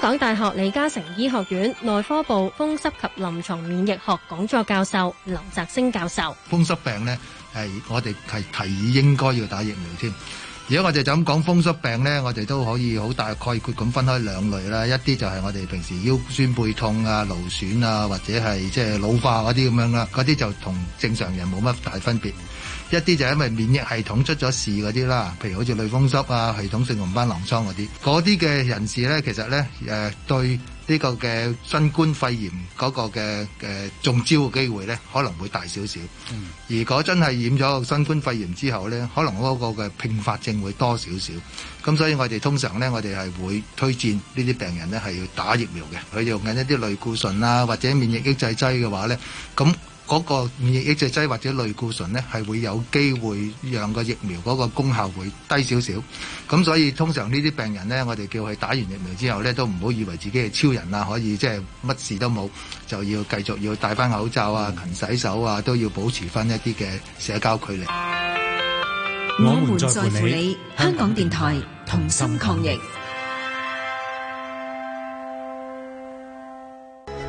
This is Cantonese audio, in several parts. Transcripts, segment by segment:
香港大學李嘉誠醫學院內科部風濕及臨牀免疫學講座教授劉澤星教授：風濕病咧，係我哋係提議應該要打疫苗添。如果我哋就咁講風濕病咧，我哋都可以好大概括咁分開兩類啦。一啲就係我哋平時腰酸背痛啊、勞損啊，或者係即係老化嗰啲咁樣啦，嗰啲就同正常人冇乜大分別。一啲就係因為免疫系統出咗事嗰啲啦，譬如好似類風濕啊、系統性紅斑狼瘡嗰啲，嗰啲嘅人士咧，其實咧誒、呃、對。呢個嘅新冠肺炎嗰個嘅誒中招嘅機會咧，可能會大少少。嗯、如果真係染咗新冠肺炎之後咧，可能嗰個嘅併發症會多少少。咁所以我哋通常咧，我哋係會推薦呢啲病人咧係要打疫苗嘅。佢用緊一啲類固醇啊，或者免疫抑制劑嘅話咧，咁。嗰個免疫抑制劑或者類固醇咧，係會有機會讓個疫苗嗰個功效會低少少。咁所以通常呢啲病人咧，我哋叫佢打完疫苗之後咧，都唔好以為自己係超人啦，可以即係乜事都冇，就要繼續要戴翻口罩啊、勤洗手啊，都要保持翻一啲嘅社交距離。我們在乎你，香港電台同心抗疫。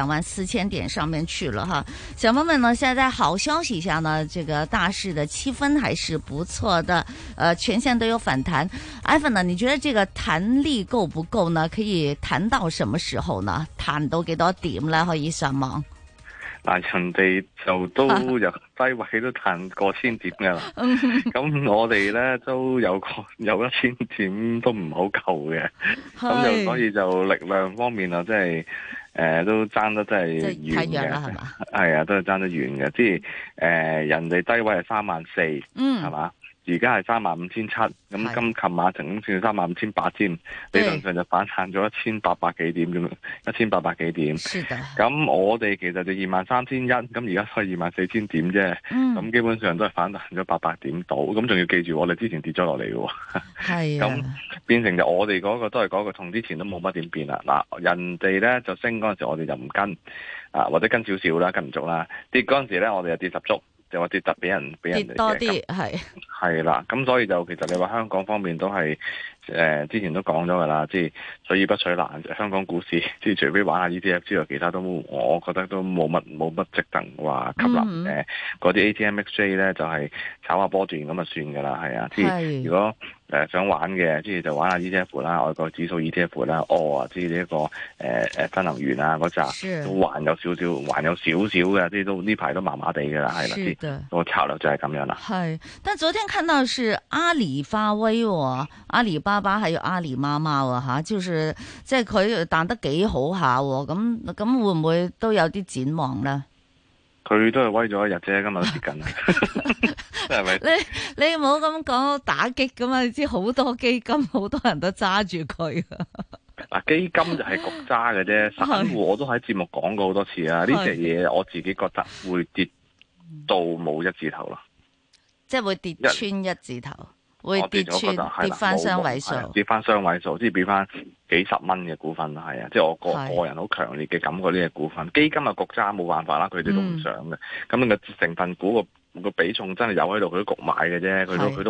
兩萬四千點上面去了哈、啊，小朋友們呢，現在，在好消息下呢，這個大市的氣氛還是不錯的，呃，全線都有反彈。艾芬呢，你覺得這個彈力夠不夠呢？可以彈到什麼時候呢？彈到幾多點呢，可以上望嗎？那、呃、人哋就都有低位都彈過千點噶啦，咁 我哋咧都有個有一千點都唔好夠嘅，咁就是所以就力量方面啊，真係。誒、呃，都爭得真係遠嘅，係嘛，係啊，都係爭得遠嘅，即係誒，人哋低位係三萬四，嗯，係嘛？而家係三萬五千七，咁今琴晚成功三萬五千八千，的理論上就反彈咗一千八百幾點，咁一千八百幾點。咁的我哋其實就二萬三千一，咁而家都係二萬四千點啫。咁、嗯、基本上都係反彈咗八百點度，咁仲要記住我哋之前跌咗落嚟嘅喎。咁的 變成就我哋嗰個都係嗰、嗰個痛，之前都冇乜點變啦。嗱，人哋咧就升嗰陣時，我哋就唔跟啊，或者跟少少啦，跟唔足啦。跌嗰陣時咧，我哋就跌十足。就話跌特俾人俾人多嘅，係係啦，咁是所以就其實你話香港方面都係誒、呃，之前都講咗㗎啦，即係取易不取難，香港股市即係除非玩一下 ETF 之外，其他都我覺得都冇乜冇乜值得話吸納嗰啲 ATMXJ 咧就係、是、炒下波段咁就算㗎啦，係啊，即係是如果。誒，想玩嘅，即係就是，玩下 E T F 啦，外國指數 E T F 啦，哦，即係呢一個誒誒，新能源啊嗰扎都還有少少，還有少少嘅，即係都呢排都麻麻地嘅啦，係啦啲個策略就係咁樣啦。係，但係昨天看到是阿里發威喎，哦，阿里巴巴有阿里媽媽啊，哦、吓，就是即係佢彈得幾好下，咁咁會唔會都有啲展望咧？嗯佢都係威咗一日啫，今日跌緊，係咪？你你冇咁講打擊㗎嘛？你知好多基金好多人都揸住佢。嗱， 基金就係焗揸嘅啫，散 戶我都喺節目講過好多次啊。呢隻嘢我自己覺得會跌到冇一字頭啦，即係會跌穿一字頭。 會跌咗，係跌翻雙位數，跌翻雙位數，即係變翻幾十蚊嘅股份係啊！即係、就是、我個個人好強烈嘅感覺，呢隻股份的基金嘅焗揸冇辦法啦，佢哋都唔想嘅。咁個、嗯、成份股個個比重真係有喺度，佢都焗買嘅啫。佢都佢的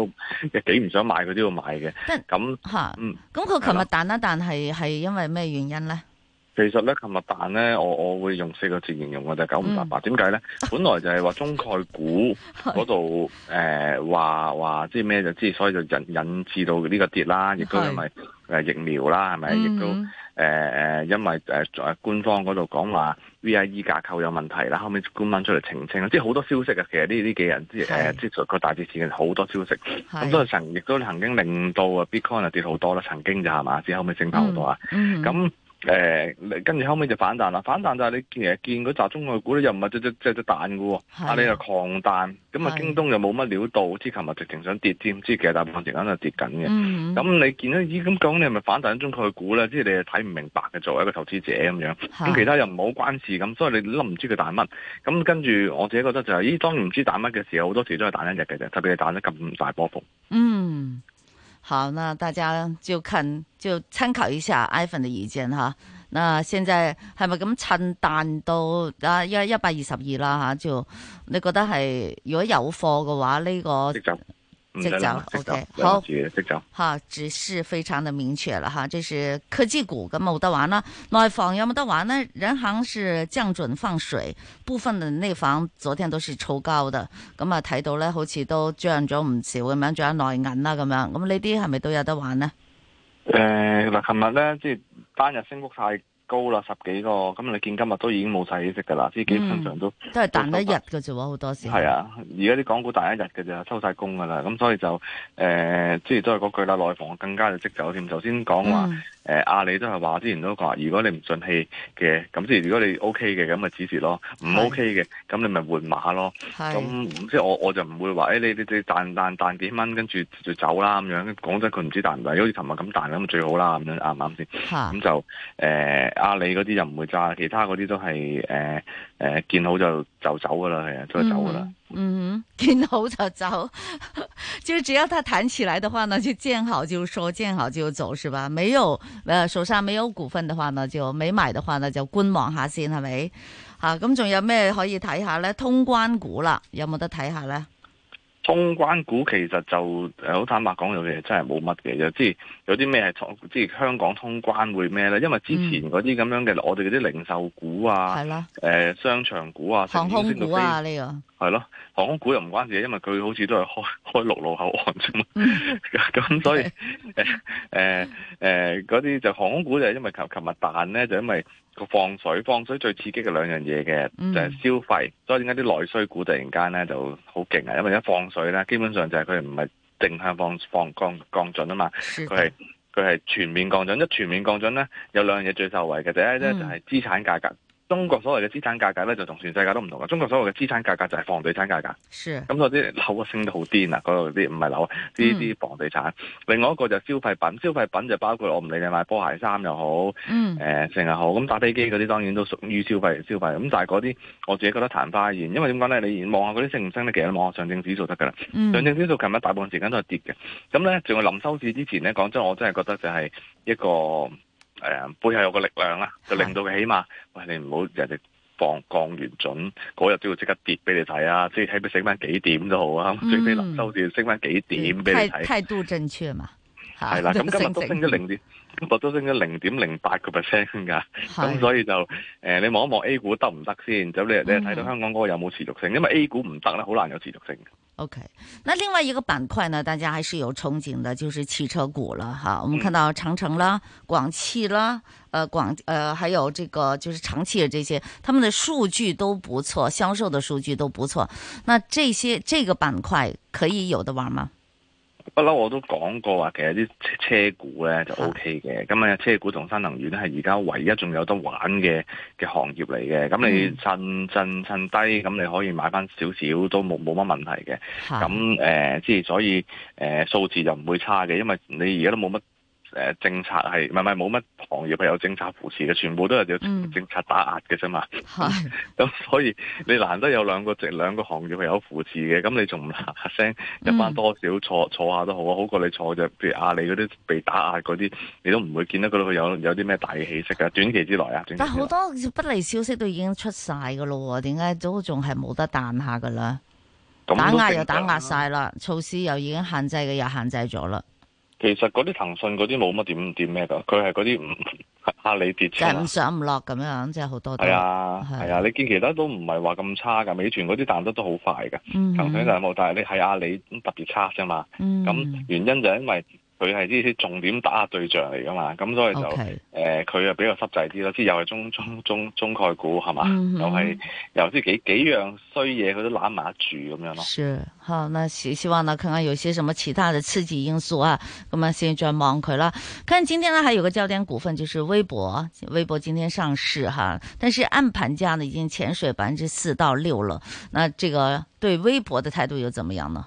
都幾唔想買，佢都要買嘅。咁吓的，那嗯，咁佢琴日彈一彈係係因為咩原因咧？其實咧，琴日但咧，我我會用四個字形容我就係九五八八。點解咧？本來就係話中概股嗰度誒，話話即係咩就之所以就引引致到呢個跌啦，亦都係咪誒疫苗啦，係咪？亦、嗯嗯、都誒誒、呃，因為誒、呃、官方嗰度講話 VIE 架構有問題啦，後尾官翻出嚟澄清，即係好多消息啊。其實呢呢幾日即係誒是、呃、即係個大跌市嘅好多消息，咁都是、嗯、曾亦都曾經令到啊 Bitcoin 跌好多啦，曾經就係嘛，之後咪升翻好多啊，咁、嗯嗯嗯。.誒，跟住、呃、後尾就反彈啦，反彈就係你見其見嗰集中概股咧又唔係隻隻隻隻彈嘅喎，啊你的又狂彈，咁啊的京東又冇乜料到，之，琴日直情想跌添，知其實大部分時間都跌緊嘅，咁、嗯嗯、你見到咦咁講，你係咪反彈中概股咧？即係你係睇唔明白嘅，作為一個投資者咁樣，咁，的其他又唔好關事，咁所以你都唔知佢彈乜，咁跟住我自己覺得就係、是、咦，當然唔知彈乜嘅時候，好多時都係彈一日嘅啫，特別係彈得咁大波幅。嗯。好，那大家就看就參考一下 Ivan 的意見哈。那現在係咪咁趁彈到啊？要一百二十二啦吓，就你覺得係如果有貨嘅話呢、這個？即走，O K，好，即走，吓、嗯、指示非常的明確啦，吓，就是科技股咁冇得玩啦，啊，內房有冇得玩呢？啊？人行是降準放水，部分的內房昨天都是抽高的，咁啊睇到咧好似都漲咗唔少咁樣，仲有內銀啦咁樣，咁呢啲係咪都有得玩，啊呃、呢？誒，嗱，琴日咧即係單日升幅太。高啦十幾個，咁你見今日都已經冇晒起色㗎啦，即係基本上都、嗯、都係彈一日㗎啫喎，好多時係啊！而家啲港股彈一日㗎咋，收晒工㗎啦，咁所以就誒，即、呃、係、就是、都係嗰句啦，內房更加就即酒添，頭先講話。嗯誒阿里都係話之前都講，如果你唔順氣嘅，咁即係如果你 O K 嘅，咁咪止蝕咯；唔 O K 嘅，咁你咪換碼咯。咁咁即係我我就唔會話誒、欸、你你你彈彈彈幾蚊，跟住就走啦咁樣。講真，佢唔知彈唔彈，好似尋日咁彈咁最好啦，咁樣啱唔啱先？咁是就誒阿里嗰啲就唔會揸，其他嗰啲都係誒誒見好就就走噶啦，係啊，就係、走噶啦。嗯嗯，見好就走， 就是只要他彈起來的話呢，就見好就說見好就走，是吧？沒有，誒，手上沒有股份的話呢，就沒買的話呢，就觀望一下先，係咪？吓，咁仲有咩可以睇下呢？通關股啦，有冇得睇下呢？通關股其實就好坦白講，有嘢真係冇乜嘅，即係有啲咩係即係香港通關會咩呢？因為之前嗰啲咁樣嘅，嗯、我哋嗰啲零售股啊，係的、呃、商場股啊，航空股啊，呢、啊啊這個。係咯，航空股又唔關事，因為佢好似都係開開陸路口岸啫嘛，咁所以，誒誒誒，嗰、呃、啲、呃、就航空股就係因為琴琴日彈咧就因為個放水，放水最刺激嘅兩樣嘢嘅就係消費，嗯、所以點解啲內需股突然間咧就好勁啊？因為一放水咧，基本上就係佢唔係定向放放降降準啊嘛，佢係佢係全面降準，一全面降準咧有兩樣嘢最受惠嘅，第一咧就係資產價格。嗯中國所謂嘅資產價格咧，就同全世界都唔同嘅。中國所謂嘅資產價格就係房地產價格，咁嗰啲樓嘅升到好癲啊！嗰度啲唔係樓，啲啲房地產。嗯嗯、另外一個就消費品，消費品就包括我唔理你買波鞋、衫又好，誒成日好。咁、嗯嗯、打飛機嗰啲當然都屬於消費消費。咁但係嗰啲我自己覺得曇花一現，因為點講咧？你望下嗰啲升唔升咧，其實望下上證指數得㗎啦。嗯、上證指數琴日大部分時間都係跌嘅。咁、嗯、咧，仲、嗯、有臨收市之前咧，講真，我真係覺得就係一個。誒，背後有個力量啦，就令到佢起碼，喂的、哎，你唔好人哋放降完準，嗰日都要即刻跌俾你睇啊！即係睇俾升翻幾點都好啊，嗯、最尾臨收市升翻幾點俾你睇？態、嗯、度正確嘛，係啦，咁今日都升咗零點。博都升咗零點零八個 percent 噶，咁的所以就誒、呃，你望一望 A 股得唔得先？咁你你睇到香港嗰個有冇持續性？因為 A 股唔得咧，好難有持續性。O、okay. K，那另外一個板塊呢，大家還是有憧憬嘅，就是汽車股啦，吓，我們看到長城啦、嗯、廣汽啦、誒廣誒還有這個就是長汽嘅這些，他們的數據都不錯，銷售的數據都不錯。那這些這個板塊可以有得玩嗎？不嬲，我都講過話，其實啲車股咧就 O K 嘅。咁啊的，車股同新能源咧係而家唯一仲有得玩嘅嘅行業嚟嘅。咁你趁趁趁低，咁你可以買翻少少，都冇冇乜問題嘅。咁誒的，即係、呃、所以誒、呃、數字就唔會差嘅，因為你而家都冇乜。誒，政策係唔係係冇乜行業係有政策扶持嘅，全部都係要政策打壓嘅啫嘛。咁所以你難得有兩個直兩個行業有扶持嘅，咁你仲唔發聲一班多少坐坐下都好，啊。好過你坐着，譬如阿里嗰啲被打壓嗰啲，你都唔會見到佢度有有啲咩大嘅起色啊。短期之內啊，但好多不利消息都已經出晒噶咯，點解都仲係冇得彈下噶咧？打壓又打壓晒啦，措施又已經限制嘅又限制咗啦。其實嗰啲騰訊嗰啲冇乜點點咩噶，佢係嗰啲唔阿里跌錢，係唔上唔落咁樣，即係好多。係啊係啊，你見其他都唔係話咁差噶，美團嗰啲彈得都好快噶，騰訊就係冇，但係你係阿里特別差啫嘛。咁原因就係因為。佢係呢啲重點打壓對象嚟噶嘛，咁所以就誒佢 Okay.、呃、就比較濕滯啲咯，即、就、係、是、又係中中中中概股係嘛，是 mm hmm. 又係又啲幾幾樣衰嘢佢都攬唔住咁樣咯。是，好，那希希望呢，看看有些什麼其他的刺激因素啊，咁啊先再望佢啦。看今天呢，還有個焦點股份就是微博，微博今天上市哈，但是暗盤價呢已經潛水百分之四到六了，那這個對微博的態度又怎麼樣呢？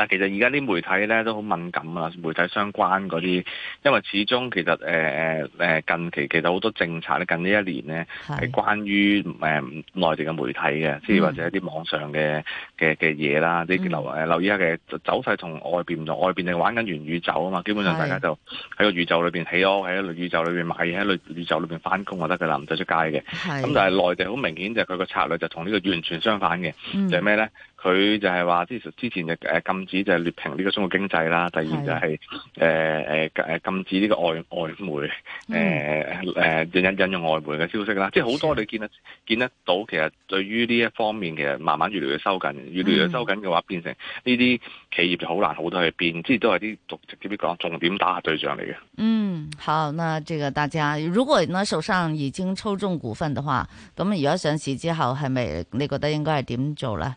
但其實而家啲媒體咧都好敏感啊，媒體相關嗰啲，因為始終其實誒誒誒近期其實好多政策咧，近呢一年咧係是關於誒內地嘅媒體嘅，即係或者一啲網上嘅嘅嘅嘢啦，啲留誒留意下嘅走勢同，外邊外邊就玩緊元宇宙啊嘛，基本上大家就喺個宇宙裏邊起屋，喺宇宙裏邊買嘢，喺宇宙裏邊翻工就得噶啦，唔使出街嘅。咁是但係內地好明顯就係佢個策略就同呢個完全相反嘅，嗯、就係咩咧？佢就係話，之前就誒禁止就係劣評呢個中國經濟啦。第二就係誒誒誒禁止呢個外外媒誒誒引引用外媒嘅消息啦。即係好多你見得見得到，其實對於呢一方面，其實慢慢越嚟越收緊，越嚟越收緊嘅話，嗯、變成呢啲企業就好難好多去變。即係都係啲直接啲講，重點打壓對象嚟嘅。嗯，好，那這個大家，如果呢手上已經抽中股份嘅話，咁如果上市之後，係咪你覺得應該係點做咧？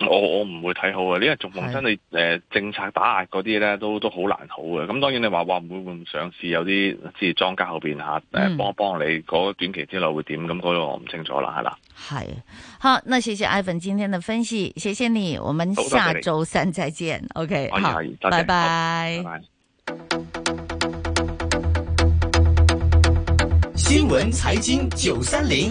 我我唔會睇好啊，呢個從本真你誒的、呃、政策打壓嗰啲咧，都都好難好嘅。咁、嗯、當然你話話、呃、會唔想上市，有啲即係莊家後邊吓誒幫一幫你，嗰、那個、短期之內會點？咁、那、嗰、個、我唔清楚啦，係啦。係好，那謝謝 Ivan 今天的分析，謝謝你，我們下周三再見。OK，拜拜。新聞財經九三零。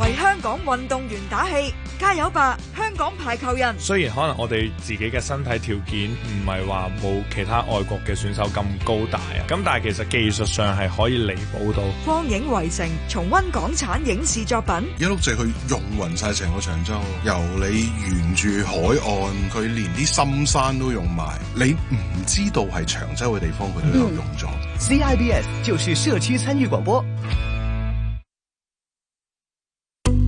為香港運動員打氣，加油吧，香港排球人！雖然可能我哋自己嘅身體條件唔係話冇其他外國嘅選手咁高大啊，咁但係其實技術上係可以彌補到。光影圍城重温港產影視作品，一碌蔗佢用匀晒成個長洲，由你沿住海岸，佢連啲深山都用埋，你唔知道係長洲嘅地方佢都有用咗。CIBS、嗯、就是社區參與廣播。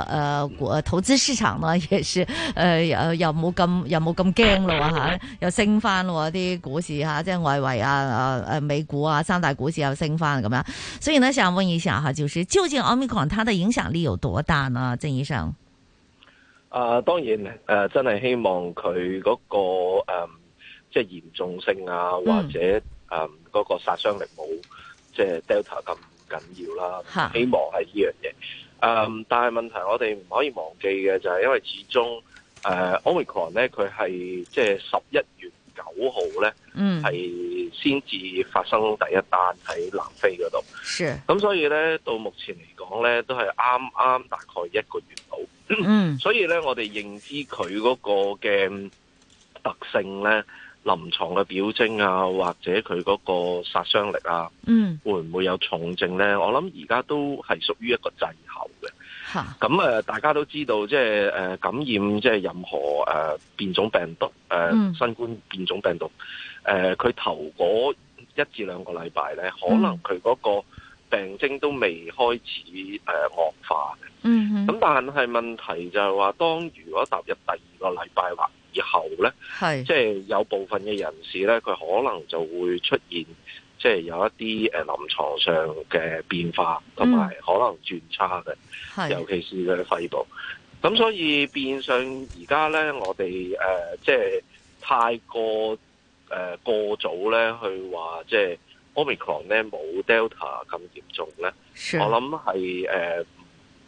誒誒，股、啊、投資市場呢，也是誒誒、啊，又冇咁又冇咁驚咯吓，又升翻咯，啲股市吓、啊，即係外圍啊啊誒，美股啊三大股市又升翻咁樣，所以咧，想問一下吓，就是、就是、究竟 Omicron 它的影響力有多大呢？曾醫生，誒、啊，當然誒、啊，真係希望佢嗰、那個誒，即係嚴重性啊，或者誒嗰、嗯嗯那個殺傷力冇即係、就是、Delta 咁緊要啦、啊，哈希望係、啊、呢樣嘢。誒，um, 但係問題，我哋唔可以忘記嘅就係、是、因為始終，誒，omicron 咧，佢係即係十一月九號咧，係先至發生第一單喺南非嗰度。咁是所以咧，到目前嚟講咧，都係啱啱大概一個月到。 嗯。所以咧，我哋認知佢嗰個嘅特性咧。臨床嘅表徵啊，或者佢嗰個殺傷力啊，嗯，會唔會有重症咧？我諗而家都係屬於一個滯後嘅。吓咁誒，大家都知道，即係誒感染，即係任何誒、呃、變種病毒誒，呃嗯、新冠變種病毒誒，佢、呃、頭嗰一至兩個禮拜咧，可能佢嗰個病徵都未開始誒惡、呃、化嘅。嗯咁哼但係問題就係話，當如果踏入第二個禮拜話。以後咧，即、就、係、是、有部分嘅人士咧，佢可能就會出現，即、就、係、是、有一啲誒臨床上嘅變化，同埋可能轉差嘅，嗯、尤其是佢嘅肺部。咁是所以變相而家咧，我哋誒即係太過誒、呃、過早咧去話，即係 Omicron 咧冇 Delta 咁嚴重咧。是我諗係誒，即、呃、係。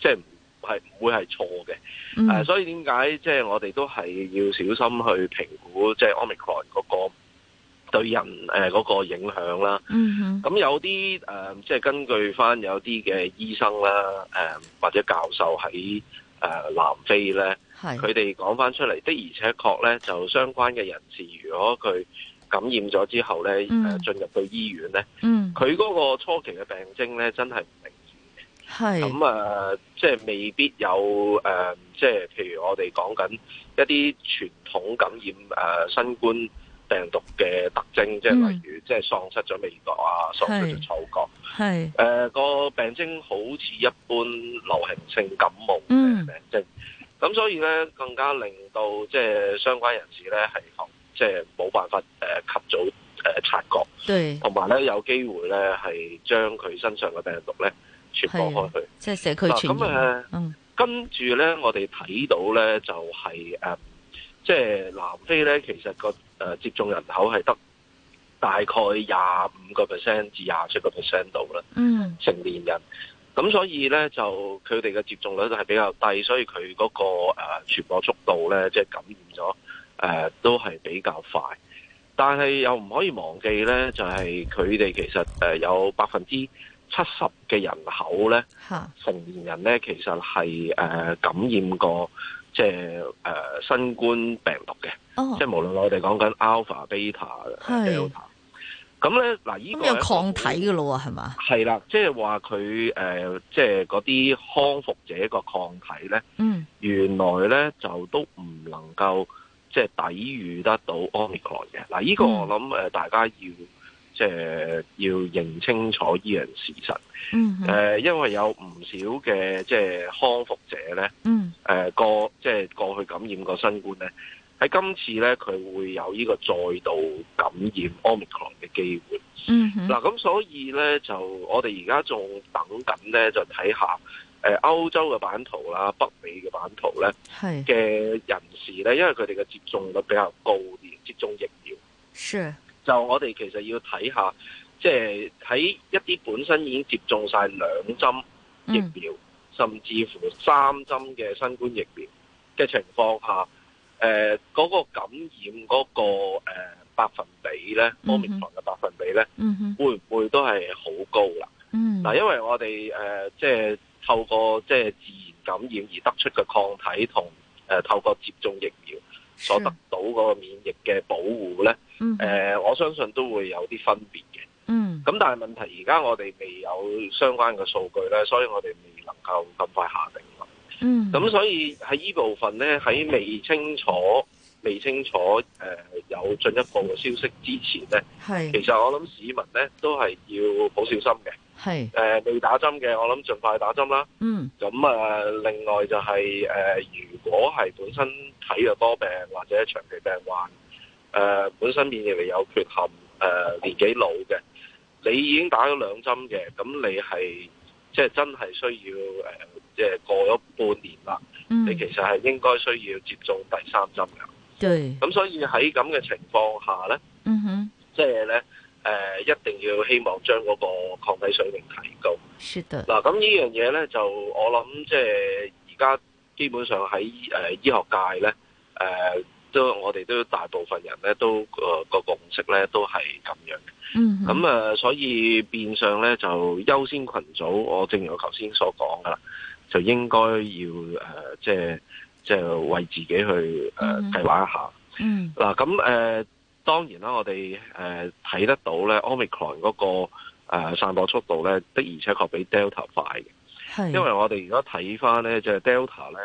就是係唔會係錯嘅，誒、mm hmm. 啊，所以點解即係我哋都係要小心去評估即係、就是、Omicron 嗰個對人誒嗰、呃那個影響啦。咁、mm hmm. 有啲誒、即、呃、係、就是、根據翻有啲嘅醫生啦，誒、呃、或者教授喺誒、呃、南非咧，佢哋講翻出嚟，的而且確咧就，相關嘅人士，如果佢感染咗之後咧，誒進、mm hmm. 入到醫院咧，佢嗰、mm hmm. 個初期嘅病徵咧真係唔明白。咁啊是、嗯呃，即係未必有誒，即、呃、係譬如我哋講緊一啲傳統感染誒、呃、新冠病毒嘅特徵，即係例如即係、嗯、喪失咗味覺啊，喪失咗嗅覺。係誒、呃、個病徵好似一般流行性感冒嘅病徵，咁、嗯嗯、所以咧更加令到即係相關人士咧係即係冇辦法誒、呃、及早誒、呃、察覺，同埋咧有機會咧係將佢身上嘅病毒咧，傳播開去，即係社區傳播。咁啊天，嗯、跟住咧，我哋睇到咧，就係、是、誒，即、嗯、係、就是、南非咧，其實、那個誒、呃、接種人口係得大概廿五個 percent 至廿七個 percent 度啦。嗯，成年人，咁所以咧，就佢哋嘅接種率就係比較低，所以佢嗰、那個誒傳、呃、播速度咧，即、就、係、是、感染咗誒、呃，都係比較快。但係又唔可以忘記咧，就係佢哋其實誒有百分之。七十嘅人口咧，成年人咧，其實係誒、呃、感染過即係誒新冠病毒嘅，oh. 即係無論我哋講緊 alpha、beta、delta，咁咧嗱，呢個咁有抗體噶咯，係嘛？係、就、啦、是，即係話佢誒，即係嗰啲康復者個抗體咧，mm. 原來咧就都唔能夠即係抵禦得到 omicron 嘅。嗱，呢個我諗誒，大家要。Mm. 即係要認清楚呢樣事實。嗯、mm，誒、hmm. 呃，因為有唔少嘅即係康復者咧。嗯、mm，誒、hmm. 呃、過即係、就是、過去感染過新冠咧，喺今次咧佢會有呢個再度感染 Omicron 嘅機會。嗯、mm，嗱、hmm. 咁、啊、所以咧就我哋而家仲等緊咧，就睇下誒歐洲嘅版圖啦、北美嘅版圖咧嘅是人士咧，因為佢哋嘅接種率比較高啲，接種疫苗。就我哋其實要睇下，即係喺一啲本身已經接種曬兩針疫苗，嗯、甚至乎三針嘅新冠疫苗嘅情況下，嗰、呃嗰個感染嗰、嗰個、呃、百分比咧，方面上嘅百分比咧，嗯、哼會唔會都係好高啦？嗱、嗯，因為我哋即係透過即、即係、自然感染而得出嘅抗體同、呃、透過接種疫苗。所得到嗰個免疫嘅保護咧，誒、嗯呃，我相信都會有啲分別嘅。嗯，咁但係問題，而家我哋未有相關嘅數據咧，所以我哋未能夠咁快下定㗎。嗯，咁所以喺呢部分咧，喺未清楚、未清楚誒、呃、有進一步嘅消息之前咧，係是其實我諗市民咧都係要好小心嘅。係誒未打針嘅，我諗盡快打針啦。嗯。咁啊、呃，另外就係、是、誒、呃，如果係本身體弱多病或者長期病患，誒、呃，本身免疫力有缺陷，誒、呃，年紀老嘅，你已經打咗兩針嘅，咁你係即係真係需要誒、呃，即係過咗半年啦。嗯。你其實係應該需要接種第三針㗎。對。咁所以喺咁嘅情況下咧，嗯哼，即係咧。誒、呃，一定要希望將嗰個抗體水平提高。是的。嗱，咁呢樣嘢咧，就我諗即係而家基本上喺誒醫學界咧，誒、呃、都我哋都大部分人咧都個個共識咧都係咁樣嘅。嗯哼。咁所以變相咧就優先群組，我正如我頭先所講噶啦，就應該要誒、呃、即係即係為自己去誒計劃一下。嗯，嗯。嗱，咁、呃、誒。當然啦，我哋誒睇得到咧，Omicron 嗰個誒、呃、散播速度咧，的而且確比 Delta 快嘅。是因為我哋而家睇翻咧，就係、是、Delta 咧，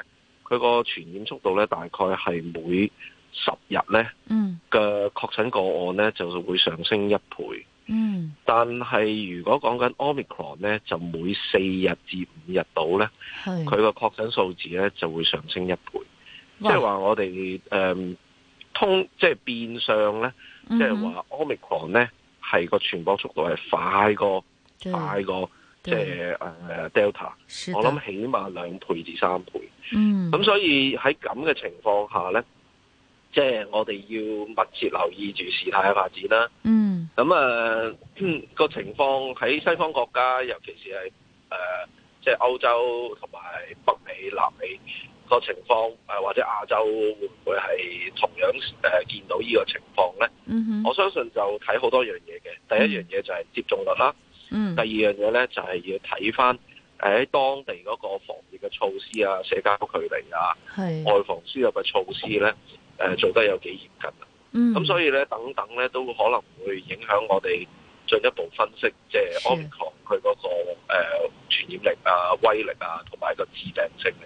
佢個傳染速度咧，大概係每十日咧，嗯嘅確診個案咧，就會上升一倍。嗯，但係如果講緊 Omicron 咧，就每四日至五日到咧，佢個是確診數字咧，就會上升一倍。即係話我哋誒。呃通即係變相咧，即係話 Omicron 咧，係個傳播速度係快過快過，即係誒 Delta，是的我諗起碼兩倍至三倍。嗯，咁所以喺咁嘅情況下咧，即、就、係、是、我哋要密切留意住事態嘅發展啦、啊嗯啊。嗯，咁、那、啊個情況喺西方國家，尤其是係誒即係歐洲同埋北美、南美。個情況誒，或者亞洲會唔會係同樣誒、呃、見到呢個情況咧？Mm hmm. 我相信就睇好多樣嘢嘅。第一樣嘢就係接種率啦。Mm hmm. 第二樣嘢咧就係、是、要睇翻誒喺當地嗰個防疫嘅措施啊、社交距離啊、的外防輸入嘅措施咧誒、呃、做得有幾嚴謹啊。咁、mm hmm. 嗯、所以咧等等咧都可能會影響我哋進一步分析，的即係 Omicron 佢嗰個誒、呃、傳染力啊、威力啊同埋個致病性嚟。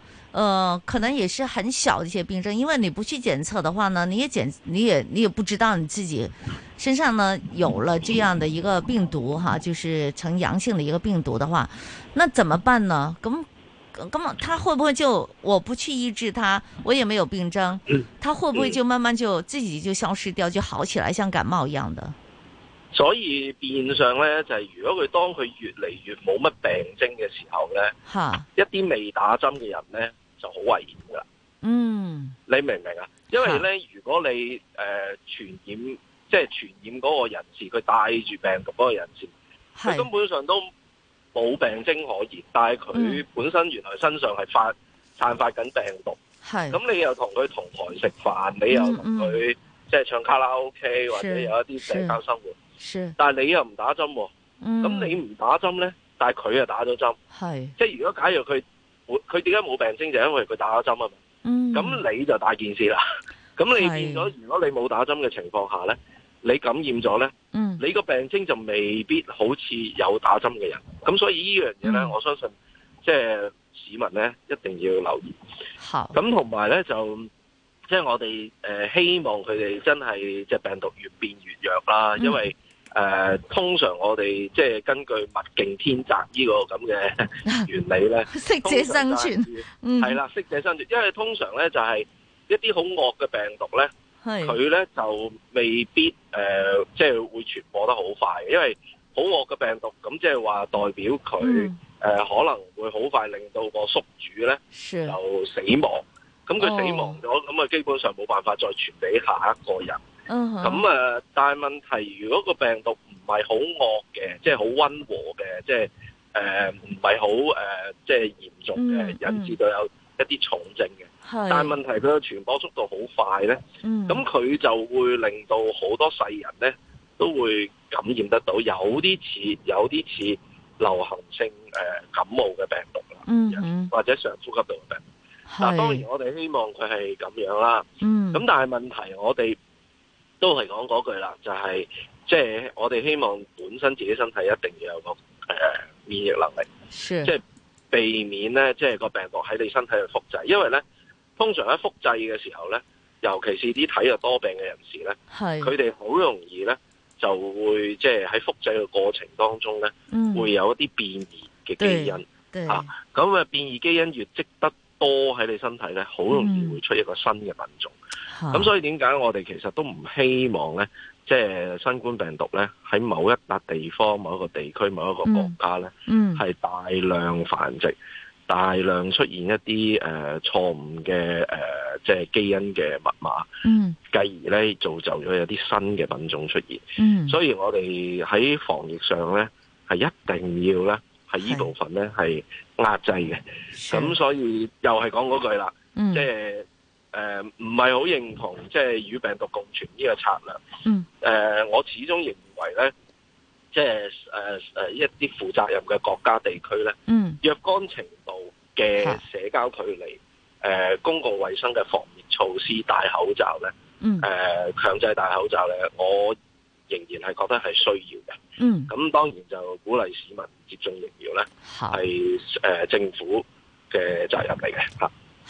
呃，可能也是很小的一些病症，因為你不去檢測的話呢，你也檢，你也你也不知道你自己身上呢有了這樣的一個病毒哈、啊，就是呈陽性的一個病毒的話，那怎麼辦呢？咁咁他會不會就我不去醫治他，我也沒有病症，他會不會就慢慢就、嗯、自己就消失掉，就好起來，像感冒一樣的？所以變相呢，就係、是、如果佢當佢越嚟越冇乜病症嘅時候呢，吓哈，一啲未打針嘅人呢。就好危險㗎喇！嗯，你明唔明啊？因為呢，是如果你誒、呃、傳染，即、就、係、是、傳染嗰個人士，佢帶住病毒嗰個人士，佢是根本上都冇病徵可言，但係佢本身原來身上係發散發緊病毒。係是。咁你又同佢同台食飯，你又同佢即係唱卡拉 OK 是或者有一啲社交生活。是是但係你又唔打針喎、哦？嗯。咁你唔打針呢，但係佢又打咗針。係是。即係如果假如佢。佢點解冇病徵？就是、因為佢打咗針啊嘛。嗯。咁你就大件事啦。咁 你變咗，如果你冇打針嘅情況下咧，是你感染咗咧，嗯，你個病徵就未必好似有打針嘅人。咁所以這呢樣嘢咧，嗯、我相信即係、就是、市民咧一定要留意。好。咁同埋咧就即係、就是、我哋誒、呃、希望佢哋真係即係病毒越變越弱啦，嗯、因為。誒、呃，通常我哋即係根據物競天擇呢個咁嘅原理咧，適 者生存係啦，適、就是嗯、者生存，因為通常咧就係一啲好惡嘅病毒咧，佢咧是就未必誒，即、呃、係、就是、會傳播得好快，因為好惡嘅病毒，咁即係話代表佢誒、嗯呃，可能會好快令到個宿主咧是就死亡，咁佢死亡咗，咁啊、哦、基本上冇辦法再傳俾下一個人。咁啊，uh huh. 但係問題，如果個病毒唔係好惡嘅，即係好溫和嘅，即係誒唔係好誒，即係嚴重嘅，uh huh. 引致到有一啲重症嘅。Uh huh. 但係問題佢嘅傳播速度好快咧。嗯、uh，咁、huh. 佢就會令到好多世人咧都會感染得到有些，有啲似有啲似流行性誒感冒嘅病毒啦。Uh huh. 或者上呼吸道嘅病毒。係、uh，嗱、huh.，當然我哋希望佢係咁樣啦。嗯、uh，咁、huh. 但係問題我哋。都係講嗰句啦，就係即係我哋希望本身自己身體一定要有個誒、呃、免疫能力，即係 Sure. 避免咧，即係個病毒喺你身體度複製。因為咧，通常喺複製嘅時候咧，尤其是啲體弱多病嘅人士咧，佢哋好容易咧就會即係喺複製嘅過程當中咧，mm. 會有一啲變異嘅基因嚇。咁啊，變異基因越積得多喺你身體咧，好容易會出一個新嘅品種。Mm. 咁所以點解我哋其實都唔希望咧，即、就、係、是、新冠病毒咧喺某一笪地方、某一個地區、某一個國家咧，係、嗯嗯、大量繁殖，大量出現一啲誒錯誤嘅誒即係基因嘅密碼，繼、嗯、而咧造就咗有啲新嘅品種出現。嗯、所以我哋喺防疫上咧係一定要咧喺呢部分咧係壓制嘅。咁的所以又係講嗰句啦，嗯、即係。誒，唔係好認同即係與病毒共存呢個策略。嗯。誒、呃，我始終認為咧，即係誒誒，一啲負責任嘅國家地區咧，嗯，若干程度嘅社交距離，誒、呃，公共衛生嘅防疫措施，戴口罩咧，嗯，誒、呃，強制戴口罩咧，我仍然係覺得係需要嘅。嗯。咁當然就鼓勵市民接種疫苗咧，係誒、呃、政府嘅責任嚟嘅。吓。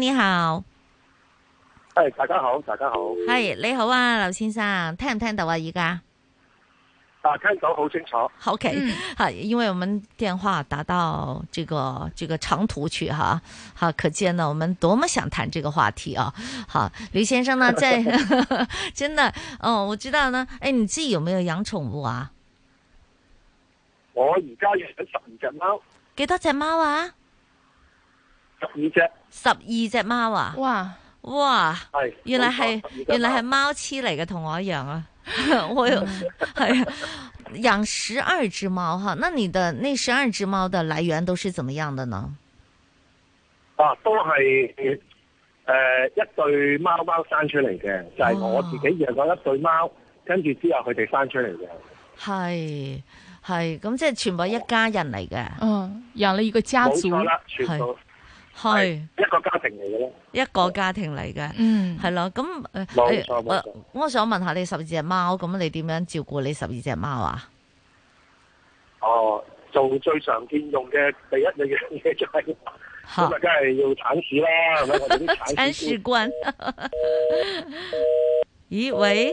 你好，係、hey, 大家好，大家好。係、hey, 你好啊，劉先生，聽唔聽到啊？而家啊，聽到好清楚。OK，、嗯、好，因為我們電話打到這個這個長途去哈，好、啊啊，可見呢，我們多麼想談這個話題啊。好，劉先生呢，在 真的，哦，我知道呢。哎、你自己有沒有養寵物啊？我而家養咗十二隻貓，幾多隻貓啊？十二隻。十二隻貓啊！哇哇，係哇，是原來係原來係貓痴嚟嘅，同我一樣啊！ 我係啊，養十二隻貓哈，那你的那十二隻貓的來源都是怎麼樣的呢？啊，都係誒、呃，一對貓貓生出嚟嘅，就係、是、我自己養咗一對貓，哦、跟住之後佢哋生出嚟嘅。係係，咁即係全部一家人嚟嘅。嗯，養你個家族係。係一個家庭嚟嘅，一個家庭嚟嘅，的嗯，係咯，咁冇錯冇錯，咁我想問下你十二隻貓，咁你點樣照顧你十二隻貓啊？哦，做最常見用嘅第一樣嘢就係咁啊，梗係的要鏟屎啦。鏟屎官， 樹棍 咦喂？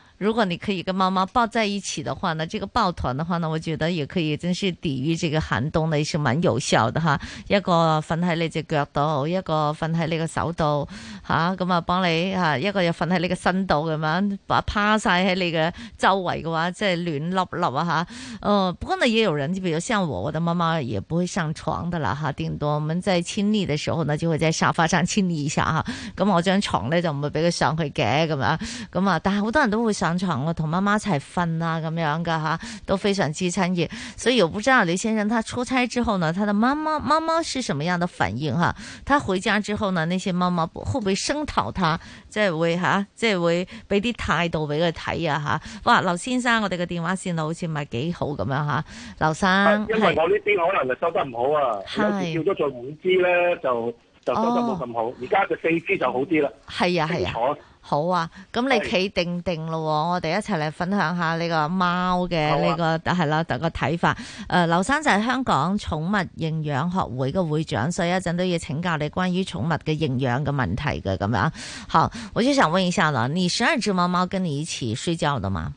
如果你可以跟媽媽抱在一起的話，呢，這個抱團的話呢，我覺得也可以，真是抵御這個寒冬呢，也是蠻有效的哈。一個瞓喺你隻腳度，一個瞓喺你個手度，吓咁啊，幫你吓一個又瞓喺你個身度咁樣，把趴晒喺你嘅周圍嘅話，即係暖笠笠啊吓。哦、呃，不過呢，也有人，就比如像我，我的媽媽也不會上床的啦，哈，頂多我們在清理的時候呢，呢就會在沙發上清理一下吓，咁我張床呢，就唔會俾佢上去嘅咁樣，咁啊，但係好多人都會上。長同媽媽一齊瞓啦，咁、啊、樣噶吓，都非常之親熱。所以我不知道李先生他出差之後呢，他的媽媽媽媽是什麼樣的反應吓、啊？他回家之後呢，那些媽媽會唔會聲討他？即、就、係、是、會吓，即、啊、係、就是、會俾啲態度俾佢睇啊吓。哇，劉先生，我哋嘅電話線路好似唔係幾好咁樣吓，劉生，因為我呢邊可能就收得唔好啊，叫咗是做五 G 咧就就收得冇咁、oh. 好，而家嘅四 G 就好啲啦，係啊係啊。好啊，咁你企定定咯，是我哋一齊嚟分享下呢個貓嘅呢個係啦，啊、得個睇法。誒、呃，劉生就係香港寵物營養學會嘅會長，所以一陣都要請教你關於寵物嘅營養嘅問題嘅咁樣。好，我就想問一下啦，你想隻貓貓跟你一起睡覺嘅嗎？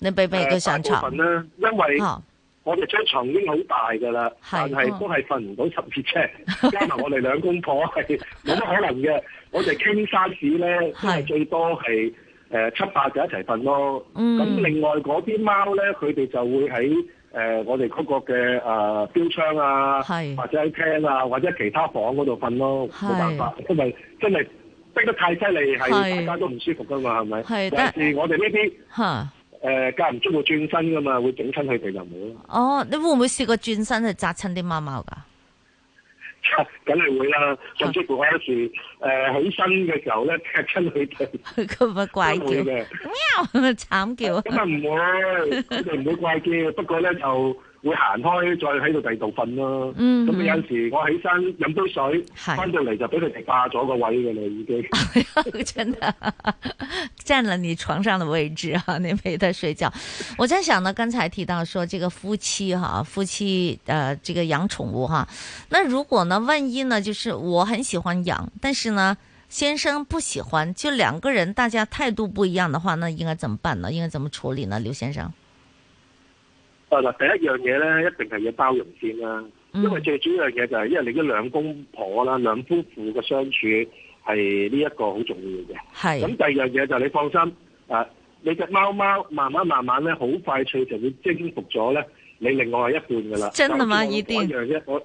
你俾俾佢上床。誒，呃、大大部分咧，因為。我哋張床已經好大㗎啦，但係都係瞓唔到十二隻，加埋我哋兩公婆係冇乜可能嘅。我哋傾沙士咧，係最多係誒七八就一齊瞓咯。咁另外嗰啲貓咧，佢哋就會喺誒我哋嗰個嘅誒飄窗啊，或者喺廳啊，或者其他房嗰度瞓咯。冇辦法，因為真係逼得太犀利，係大家都唔舒服㗎嘛，係咪？尤其是我哋呢啲嚇。誒，夾唔中會轉身噶嘛，會整親佢哋就冇咯。哦，你會唔會試過轉身去扎親啲貓貓噶？梗係會啦，甚至乎有時誒起身嘅時候咧，踢親佢哋。佢個 怪叫嘅，啊、喵咁咪慘叫。咁啊唔會，佢哋唔會怪叫。 不過咧就。會行開再在、啊，再喺度第二度瞓咯。咁有時我起身飲杯水，翻到嚟就俾佢霸咗個位嘅啦，已經。真係佔了你床上的位置啊！你陪他睡覺。我在想呢，剛才提到說，這個夫妻哈，夫妻誒，這個養寵物哈，那如果呢，萬一呢，就是我很喜歡養，但是呢，先生不喜歡，就兩個人大家態度不一樣的話，那應該怎麼辦呢？應該怎麼處理呢？劉先生？第一樣嘢咧，一定係要包容先啦、啊。嗯、因為最主要樣嘢就係、是，因為你啲兩公婆啦、兩夫婦嘅相處係呢一個好重要嘅。咁是第二樣嘢就係你放心，啊，你隻貓貓慢慢慢慢咧，好快脆就會征服咗咧，你另外一半噶啦。真係嘛，二癲。一樣啫，我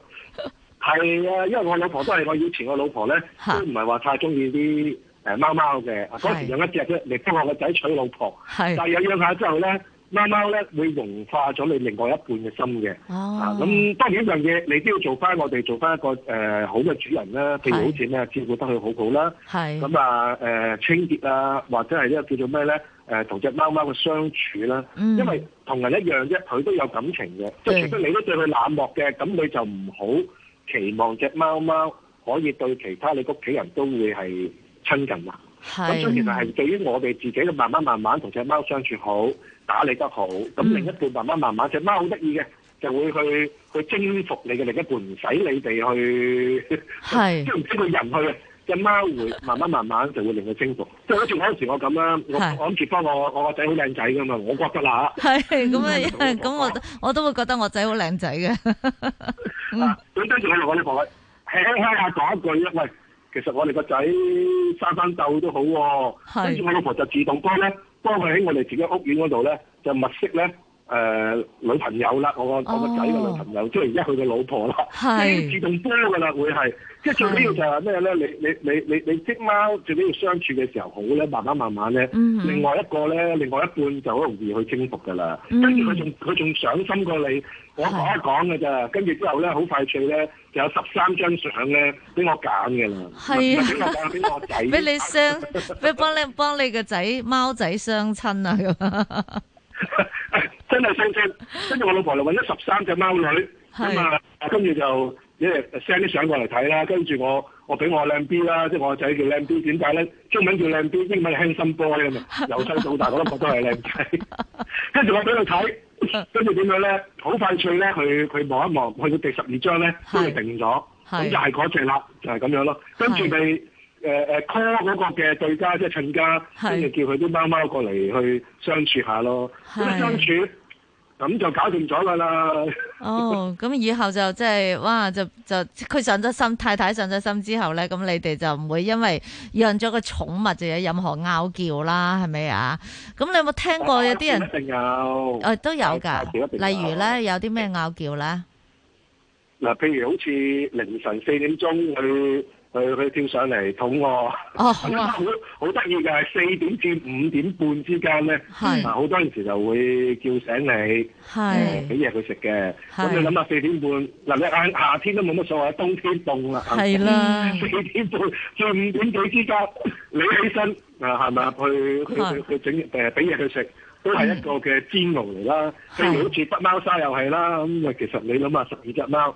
係 啊，因為我老婆都係我以前我老婆咧， 都唔係話太中意啲誒貓貓嘅。嗰是、啊、時養一隻啫，你幫我個仔娶老婆。是但係有養下之後咧。貓貓咧會融化咗你另外一半嘅心嘅，咁、啊啊、當然一樣嘢，你都要做翻我哋做翻一個誒、呃、好嘅主人啦。譬是如好似咩照顧得佢好好啦，咁是啊誒、呃、清潔啊，或者係呢個叫做咩咧同隻貓貓嘅相處啦，嗯、因為同人一樣啫，佢都有感情嘅，即係除非你都對佢冷漠嘅，咁你對就唔好期望隻貓貓可以對其他你屋企人都會係親近啦。咁所以其實係對於我哋自己慢慢慢慢同隻貓，貓相處好。打理得好，咁另一半慢慢慢慢，嗯、隻貓好得意嘅，就會去去征服你嘅另一半，唔使你哋去，唔是 知佢入去，隻貓會慢慢慢慢就會令佢征服。即係好似嗰陣時，我咁啦，我我咁結婚，我我個仔好靚仔㗎嘛，我覺得啦嚇。係咁啊，咁我我都會覺得我仔好靚仔嘅。咁、 啊、跟住我度我老婆，婆，輕輕下講一句啦，喂，其實我哋個仔生生竇都好喎、啊。是跟住我老婆，婆就自動幫咧。幫佢喺我哋自己屋苑嗰度咧，就物色咧。誒女朋友啦，我個我個仔嘅女朋友，即係而家佢嘅老婆啦，已經自動波嘅啦，會係即係最緊要就係咩咧？你你你你你隻貓最緊要相處嘅時候好咧，慢慢慢慢咧，另外一個咧，另外一半就好容易去征服嘅啦。跟住佢仲佢仲上心過你，我講一講嘅咋，跟住之後咧，好快脆咧，就有十三張相咧俾我揀嘅啦，俾我揀俾我仔俾你相，俾幫你幫你個仔貓仔相親啊！ 真係聲出，跟住我老婆嚟搵咗十三隻貓女，咁啊是，跟住、嗯、就即 send 啲相過嚟睇啦。跟住我，我俾我靚 B 啦，即係我仔叫靚 B，點解咧？中文叫靚 B，英文係 handsome boy，呢咁由細到大個都都 B, 我都覺得係靚仔。跟住我俾佢睇，跟住點樣咧？好快脆咧，佢佢望一望，去到第十二張咧，都佢定咗，咁就係嗰隻啦，就係、是、咁、就是、樣咯。跟住咪。誒誒嗰個嘅對家即係親家，跟住是叫佢啲貓貓過嚟去相處下咯，咁是相處咁就搞掂咗噶啦。哦，咁、 哦、以後就即係，哇，就就佢上咗心，太太上咗心之後咧，咁你哋就唔會因為養咗個寵物就有任何拗撬啦，係咪啊？咁你有冇聽過有啲人、啊？一定有。誒、哎，都有噶，啊、有例如咧有啲咩拗撬咧？嗱、嗯，譬如好似凌晨四點鐘去。佢去跳上嚟捅我，咁好好得意嘅係四點至五點半之間咧，嗱好是、啊、多陣時就會叫醒你，俾嘢佢食嘅。咁、嗯、是你諗下四點半，嗱你晏夏天都冇乜所謂，冬天凍啦，四點、嗯、半再五點幾之間，你起身啊，係咪啊？去去去整誒俾嘢佢食，都係一個嘅煎熬嚟啦。譬如好似不貓沙又係啦，咁啊是、嗯、其實你諗下十二隻貓。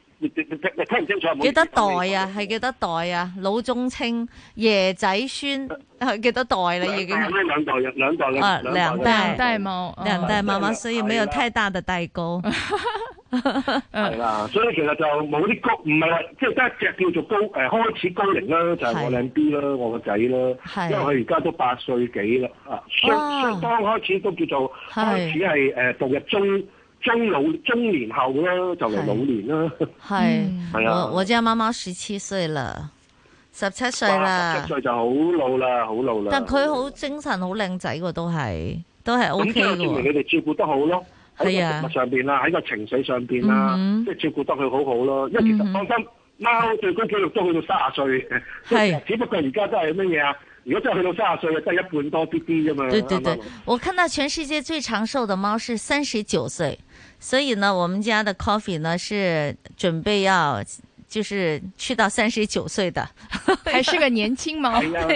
你聽唔清楚？幾多代啊？係幾多代啊？老中青、爺仔孫係幾多代啦？已經兩代人，兩代兩兩代，兩代冇，兩代媽媽，所以沒有太大的代溝。係啦，所以其實就冇啲高，唔係即係得一隻叫做高誒，開始高齡啦，就我靚啲啦，我個仔啦，因為佢而家都八歲幾啦，啊，相當開始都叫做開始係誒，讀日中。中老中年後咧就嚟老年啦，係係是、嗯、啊我！我家隻貓貓十七歲啦，十七歲啦，十七歲就好老啦，好老啦。但佢好精神，好靚仔噶都係，都係 O K 嘅。咁、OK、證明你哋照顧得好咯，喺食物上邊啊，喺個情緒上邊啊，即係照顧得佢好好咯。嗯嗯因為其實放心，貓最高紀錄都去到三十歲，係、啊、 只不過而家都係乜嘢啊？如果真係去到三十歲，真係一半多啲啲啫嘛。對對對，對吧我看到全世界最長壽的貓是三十九歲。所以呢，我們家的咖啡呢是準備要，就是去到三十九歲的， 還是個年輕貓。所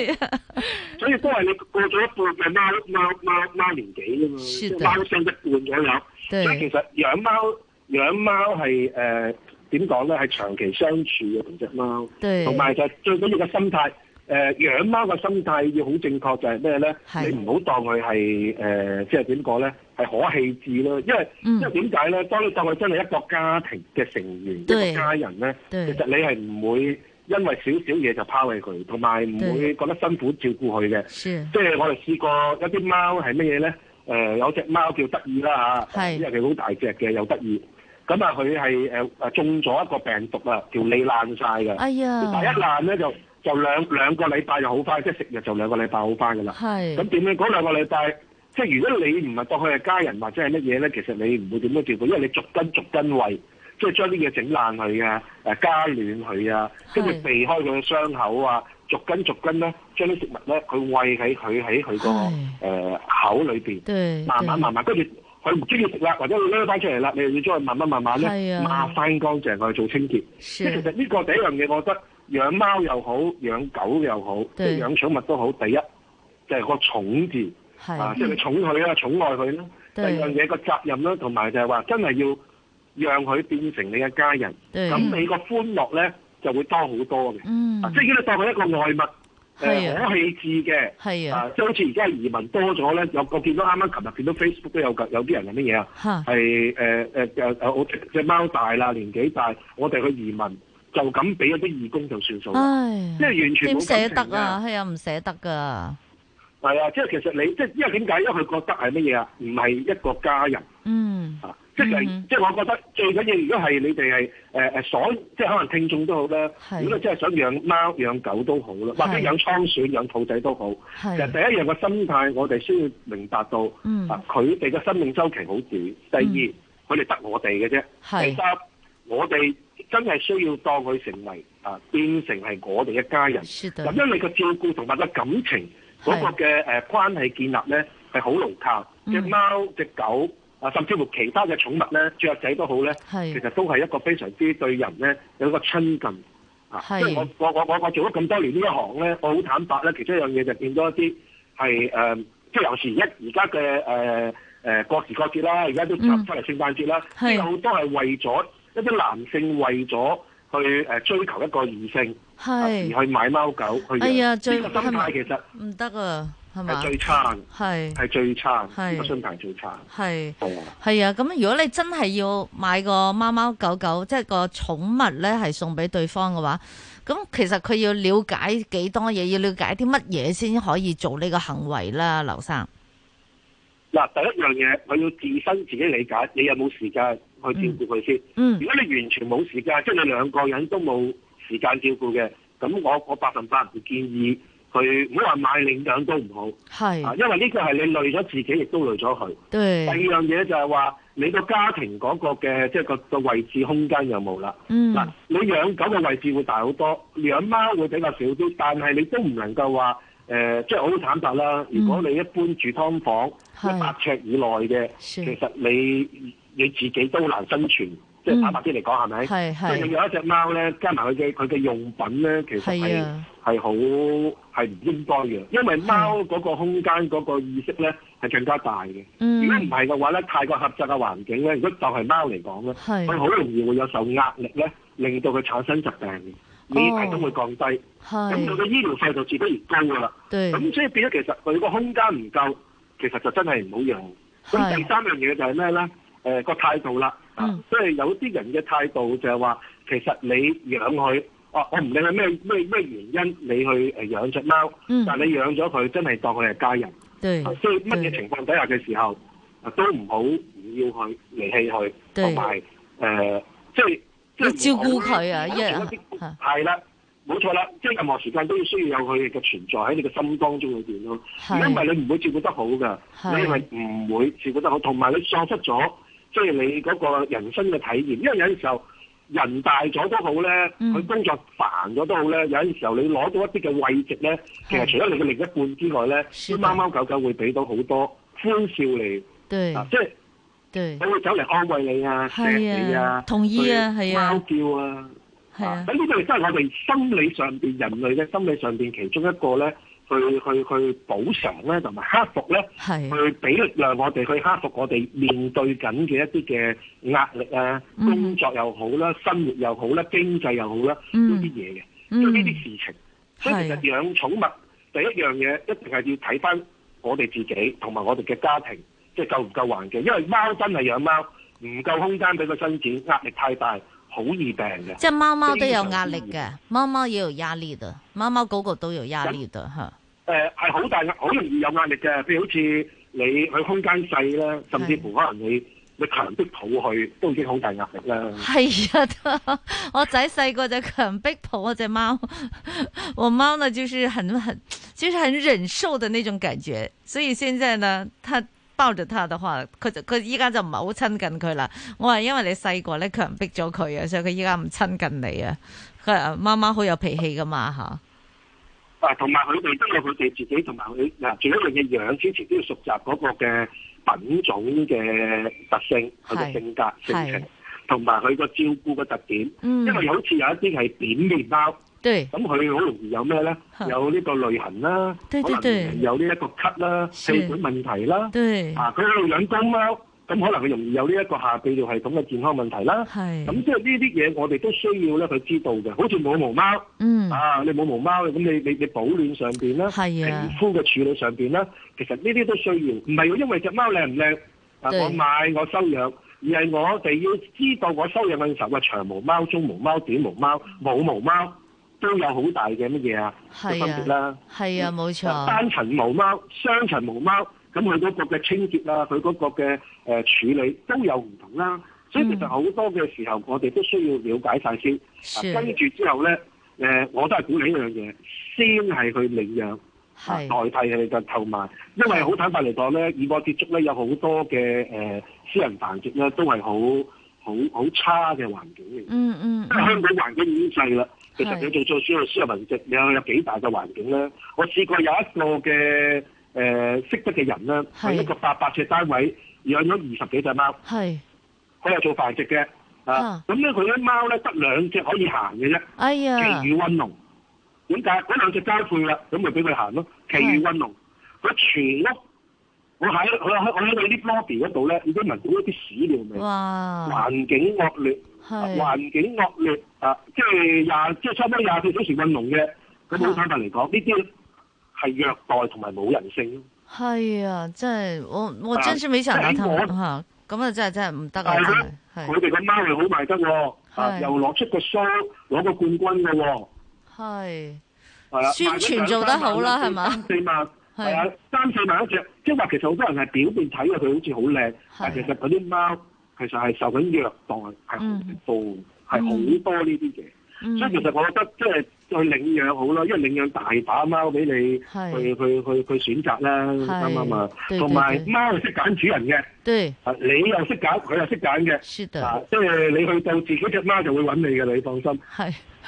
以都係你過咗一半嘅貓貓貓貓年紀啫嘛，貓對生一半左右。對。所以其實養貓養貓係誒，點講咧？係、呃、長期相處嘅同隻貓，同埋對就最緊要嘅心態。誒、呃、養貓個心態要好正確就係咩咧？的你唔好當佢係誒，即係點講咧？係可棄置咯，因為、嗯、因為點解咧？當你當佢真係一個家庭嘅成員，對一個家人咧，對其實你係唔會因為少少嘢就拋棄佢，同埋唔會覺得辛苦照顧佢嘅。即係對我哋試過一、呃、有啲貓係乜嘢咧？誒，有隻貓叫得意啦嚇，的因為佢好大隻嘅，又得意。咁啊，佢係誒誒中咗一個病毒啊，條脷爛晒㗎。哎呀！第一爛咧就～就兩兩個禮拜就好快，即係食藥就兩個禮拜好翻㗎啦。係咁點樣？嗰兩個禮拜，即係如果你唔係當佢係家人或者係乜嘢咧，其實你唔會點樣照顧，因為你逐根逐根餵，即係將啲嘢整爛佢啊，誒加暖佢啊，跟住是避開佢嘅傷口啊，逐根逐根咧，將啲食物咧，佢餵喺佢喺佢個誒口裏邊，慢慢慢慢，慢慢慢慢，跟住佢唔中意食啦，或者佢拉翻出嚟啦，你又要將佢慢慢慢慢咧，抹翻乾淨佢做清潔。即是其實呢個第一樣嘢，我覺得。養貓又好，養狗又好，對即係養寵物都好。第一就係、是、個寵字，啊，即係寵佢啦，寵愛佢啦。第二樣嘢個責任啦，同埋就係話真係要讓佢變成你嘅家人。咁你個歡樂咧就會多好多嘅。嗯，即係呢當佢一個外物，誒可棄置嘅。係、呃、的啊，即係好似而家移民多咗咧，有個見到啱啱琴日見到 Facebook 都有噶，有啲人係乜嘢啊？係誒誒隻貓大啦，年紀大，我哋去移民。就咁俾嗰啲義工就算數，即係完全冇。點捨得啊？係啊，唔捨得噶。係啊，即係其實你即係因為點解？因為佢覺得係乜嘢啊？唔係一個家人。嗯。啊，即係即係，我覺得最緊要，如果係你哋係誒誒所，即係可能聽眾都好啦。係。如果真係想養貓、養狗都好啦，或者養倉鼠、養兔仔都好。係。其實第一樣嘅心態，我哋先要明白到啊，佢哋嘅生命周期好短。第二，佢哋得我哋嘅啫。第三，我哋。真係需要當佢成為啊，變成係我哋一家人。是的。咁因為個照顧同埋個感情嗰、那個嘅誒是、呃、關係建立咧，係好牢靠。隻貓、嗯、隻狗啊，甚至乎其他嘅寵物咧，雀仔都好咧，是其實都係一個非常之對人咧有一個親近。係、啊。即係是我我我我做咗咁多年呢一行咧，我好坦白咧，其中一樣嘢就變咗一啲係誒，即係有時一而家嘅誒誒各時各節啦，而家都出嚟聖誕節啦，好多係為咗。一啲男性為咗去誒追求一個異性，而去買貓狗，哎呀，最唔得啊，係咪？最差，係係最差，個心態最差，係。係啊，咁如果你真係要買個貓貓狗狗，即係個寵物咧，係送俾對方嘅話，咁其實佢要了解幾多嘢，要了解啲乜嘢先可以做呢個行為啦，劉生。嗱，第一樣嘢，佢要自身自己理解，你有冇時間？去照顧佢先。如果你完全冇時間，嗯、即係你兩個人都冇時間照顧嘅，咁我我百分百唔建議佢。唔好話買領養都唔好，係是，因為呢個係你累咗自己，亦都累咗佢。對第二樣嘢就係話，你個家庭嗰個嘅即係個個位置空間又冇啦。嗱、嗯，你養狗嘅位置會大好多，養貓會比較少啲，但係你都唔能夠話誒，即係我都坦白啦。嗯、如果你一般住劏房，一百尺以內嘅，是其實你。你自己都難生存，即係坦白啲嚟講，係咪、嗯？係係吧。有一隻貓咧，加埋佢嘅佢嘅用品咧，其實係係、啊、好係唔應該嘅。因為貓嗰個空間嗰個意識咧係更加大嘅、嗯。如果唔係嘅話咧，太過狹窄嘅環境咧，如果就係貓嚟講咧，佢好容易會有受壓力咧，令到佢產生疾病，免疫力都會降低。咁佢嘅醫療費就自然高噶啦。咁對所以變咗，其實佢個空間唔夠，其實就真係唔好用。咁是第三樣嘢就係咩咧？誒個態度啦，所以有啲人嘅態度就係話，其實你養佢，哦，我唔理係咩咩咩原因，你去誒養隻貓，但係你養咗佢，真係當佢係家人。對，所以乜嘢情況底下嘅時候，都唔好要去離棄佢，同埋誒，即係即係照顧佢啊！依係啦，冇錯啦，即係任何時間都需要有佢嘅存在喺你嘅心當中裏邊咯。因為你唔會照顧得好嘅，你係唔會照顧得好，同埋你喪失咗。所以你嗰個人生嘅體驗，因為有啲時候人大咗都好咧，佢、嗯、工作煩咗都好咧，有啲時候你攞到一啲嘅慰藉咧，是其實除咗你嘅另一半之外咧，啲貓貓狗狗會俾到好多歡笑嚟，對啊，即係佢會走嚟安慰你啊，食對你啊，貓、啊啊、叫啊，係、啊，咁呢、啊、個真係我哋心理上邊人類嘅心理上邊其中一個咧。去去去補償咧，同埋克服咧，去俾力量我哋去克服我哋面對緊嘅一啲嘅壓力啊，工作又好啦，嗯、生活又好啦，經濟又好啦，呢啲嘢嘅。所以呢啲事情，所以其實養寵物是的 第一樣嘢一定係要睇返我哋自己同埋我哋嘅家庭，即係夠唔夠環境。因為貓真係養貓，唔夠空間俾佢伸展，壓力太大。好易病嘅，即係貓貓都有壓力嘅，貓貓也有壓力的，貓貓狗狗都有壓力的吓。誒，係、呃、好大，好容易有壓力嘅，譬的如好似你去的空間細啦，甚至乎可能你你強逼抱佢，都已經好大壓力啦。係啊，我仔細個就強逼抱我隻貓，我貓呢就是很很，就是很忍受的那種感覺，所以現在呢，它。包住他的話，佢就佢依家就唔係好親近佢啦。我話因為你細個咧，強逼咗佢啊，所以佢依家唔親近你啊。佢啊，媽媽好有脾氣噶嘛吓。啊，同埋佢哋都有佢哋自己同埋佢嗱，最緊要嘅養之前都要熟習嗰個嘅品種嘅特性，佢嘅是性格、性情是，同埋佢個照顧嘅特點。嗯、因為好似有一啲係扁面包。咁佢好容易有咩咧？有呢個淚痕啦，可能有呢一個咳啦，氣管問題啦。啊，佢喺度養公貓，咁可能佢容易有呢一個下泌尿系統嘅健康問題啦。咁即係呢啲嘢，我哋都需要咧佢知道嘅。好似冇毛貓，啊，你冇毛貓，咁你你你保暖上邊啦，皮膚嘅處理上邊啦，其實呢啲都需要。唔係因為隻貓靚唔靚，我買我收養，而係我哋要知道我收養嘅時候嘅長毛貓、中毛貓、短毛貓、冇毛貓。都有好大嘅乜嘢啊，嘅分別啦，係啊，冇錯。單層毛貓、雙層毛貓，咁佢嗰個嘅清潔啊，佢嗰個嘅誒處理都有唔同啦。所以其實好多嘅時候，嗯、我哋都需要了解晒先，是跟住之後咧，誒、呃，我都係鼓勵一樣嘢，先係去領養是代替佢哋嘅購買。因為好坦白嚟講咧，是以我接觸咧，有好多嘅誒、呃、私人繁殖咧，都係好好好差嘅環境嚟、嗯。嗯嗯，因為香港環境已經細啦。是其實你做做輸入輸入繁殖，你有有幾大嘅環境咧？我試過有一個嘅誒、呃、識得嘅人咧，喺是一個八百尺單位養咗二十幾隻貓，佢係是做繁殖嘅啊。咁咧佢啲貓咧得兩隻兩隻可以行嘅啫，奇遇温龍。點解是？嗰兩隻交配啦，咁咪俾佢行咯。奇遇温龍，佢全屋我喺我喺我喺佢啲 lobby 嗰度咧，已經聞到一啲屎尿味，環哇境惡劣，環是境惡劣。即係廿，即係差唔多廿四小時運動嘅，咁好坦白嚟講，呢啲係虐待同埋冇人性。係啊，真係我我真心非常難堪嚇。咁啊，真係真係唔得啦，佢哋個貓又好賣得喎，又攞出個 show 攞個冠軍嘅喎。係。係啦。宣傳做得好啦，係嘛？三四萬係啊，三四萬一隻，即係話其實好多人係表面睇啊，佢好似好靚，但其實嗰啲貓其實係受緊虐待，係好恐怖。係好多呢啲嘢，嗯嗯、所以其實我覺得即係去領養好啦，因為領養大把貓俾你去是去去去選擇啦，啱唔啱啊？同埋貓係識揀主人嘅，對你又識揀，佢又識揀嘅，啊即係你去到自己隻貓就會揾你嘅，你放心。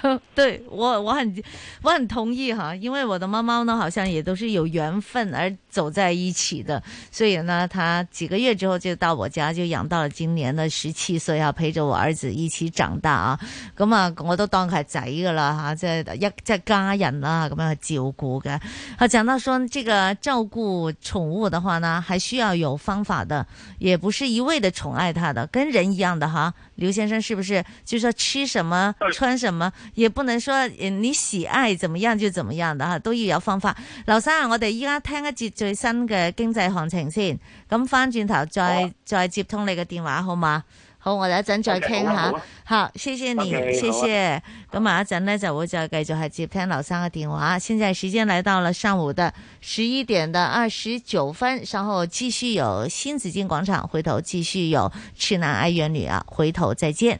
對，我我很我很同意哈，因為我的貓貓呢，好像也都是有緣分而走在一起的，所以呢，它幾個月之後就到我家，就養到了今年的十七歲，啊，要陪着我兒子一起長大啊。咁啊，我都當開仔一個了哈，啊，在一在家人啊咁樣、啊、去照顧嘅。啊，講到說這個照顧寵物的話呢，還需要有方法的，也不是一味的寵愛它的，跟人一樣的哈。劉先生是不是就是，說吃什麼穿什麼？也不能說你喜愛怎麼樣就怎麼樣的吓，都要有方法。劉生，我哋依家聽一節最新嘅經濟行情先，咁翻轉頭再、啊、再，再接通你嘅電話好嗎？好，我哋一陣再傾吓，好、啊、好謝謝你、啊、謝謝。咁下一陣呢就會再繼續去接劉生嘅電話。好現在時間來到了上午的十一點的二十九分，稍後繼續有新紫荊廣場，回頭繼續有痴男愛怨女啊，回頭再見。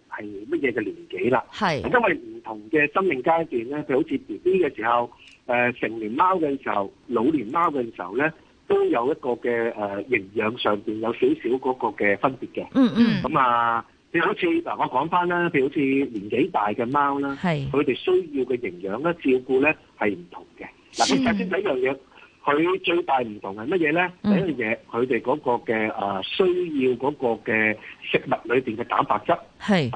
乜嘢嘅年紀啦？係是，因為唔同嘅生命階段咧，佢好似 BB 嘅時候，誒、呃、成年貓嘅時候，老年貓嘅時候咧，都有一個嘅誒、呃、營養上邊有少少嗰個嘅分別嘅。嗯嗯。咁啊，你好似嗱，我講翻啦，佢好似年紀大嘅貓啦，係，佢哋需要嘅營養咧、照顧咧，係唔同嘅。嗱，你睇先第一樣嘢。佢最大唔同係乜嘢咧？嗯、第一樣嘢，佢哋嗰個嘅、呃、需要嗰個嘅食物裏面嘅蛋白質係，咁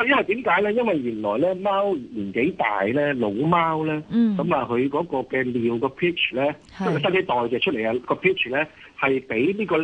啊，因為點解咧？因為原來咧，貓年紀大咧，老貓咧，咁啊、嗯，佢嗰個嘅尿個 pitch 咧，即係身體代謝出嚟啊，個 pitch 咧係比呢個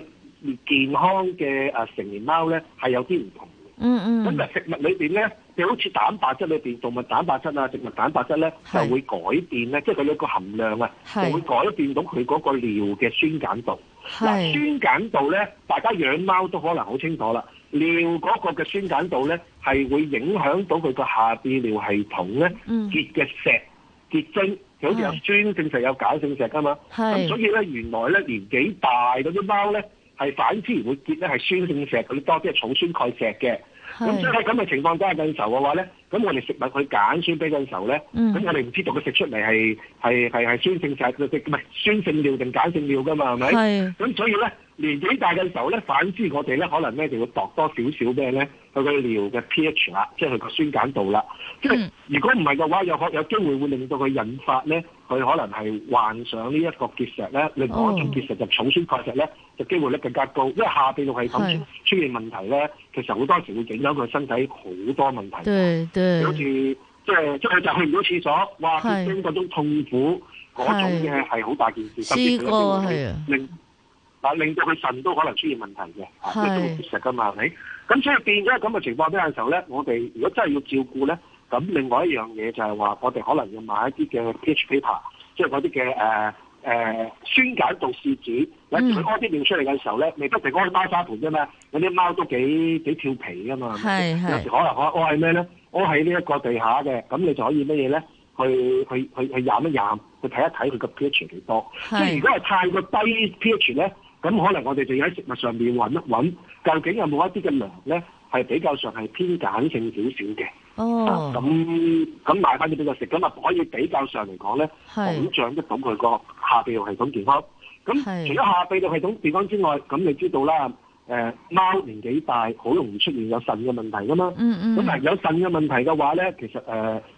健康嘅成年貓咧係有啲唔同。嗯嗯，咁、嗯、啊食物裏面咧，你好似蛋白質裏面，動物蛋白質啊，植物蛋白質咧就會改變咧，即係佢有一個含量啊，就會改變到佢嗰個尿嘅酸鹼度。嗱是酸鹼度咧，大家養貓都可能好清楚啦，尿嗰個嘅酸鹼度咧係會影響到佢個下泌尿系統咧結嘅石、嗯、結晶，就好似有酸性石有鹼性石噶嘛。咁是是所以咧，原來咧，年紀大嗰啲貓咧係反之會結咧係酸性石，佢多啲係草酸鈣石嘅。咁即係咁嘅情況之下，真係飲受嘅話咧，咁我哋食物去揀酸比較受咧，咁、嗯、我哋唔知道佢食出嚟係係係酸性曬唔酸性尿定鹼性尿噶嘛，係咪？咁是 所以咧年紀大嘅時候咧，反之我哋咧，可能咧就要度多少少咩咧，去個尿嘅 pH 啦，即係去個酸鹼度啦。即係、嗯、如果唔係嘅話，有有機會會令到佢引發咧。佢可能係患上呢一個結石咧，另外一種結石就草酸結石咧，就機會率更加高，因為下泌尿系統出現問題咧，是其實好多時會影響佢身體好多問題。對對好似即係即係就去唔到廁所，話驚嗰種痛苦嗰種嘢係好大件事，是甚至佢都會令令到佢腎都可能出現問題嘅是都種結石㗎嘛？係咪？咁所以變咗咁嘅情況之下嘅時候咧，我哋如果真係要照顧咧。咁另外一樣嘢就係話，我哋可能要買一啲嘅 pH paper，即係嗰啲嘅誒誒酸鹼度試紙。喂佢多啲尿出嚟嘅時候咧，你得成個貓砂盤啫嘛，有啲貓都幾幾跳皮噶嘛。有時可能我係咩咧？我喺呢一個地下嘅，咁你就可以乜嘢咧？去去去去驗一驗，去睇一睇佢嘅 pH 幾多。即係如果係太過低 pH 咧，咁可能我哋就要喺食物上面揾一揾，究竟有冇一啲嘅糧咧係比較上係偏鹼性少少嘅。哦，咁咁、啊、買翻啲俾佢食，咁啊可以比較上嚟講咧，是保障得到佢個下泌尿系統健康。咁除咗下泌尿系統健康之外，咁你知道啦，誒、呃、貓年紀大，好容易出現有腎嘅問題噶嘛。咁、嗯嗯、有腎嘅問題嘅話咧，其實誒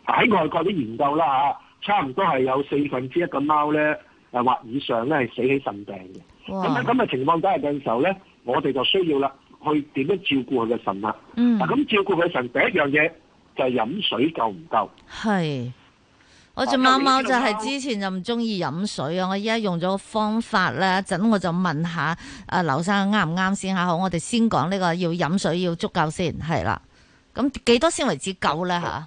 喺、呃、外國啲研究啦差唔多係有四分之一嘅貓咧誒或以上咧係死喺腎病嘅。咁喺咁嘅情況底下嘅時候咧，我哋就需要啦，去點樣照顧佢嘅腎啦、啊、咁、嗯啊、照顧佢嘅腎第一樣嘢。就係飲水夠唔夠？係我隻貓貓就係之前就唔中意飲水啊！我依家用咗方法咧，一陣我就問下阿劉生啱唔啱先吓。好，我哋先講呢個要飲水要足夠先係啦。咁幾多先為止夠咧吓？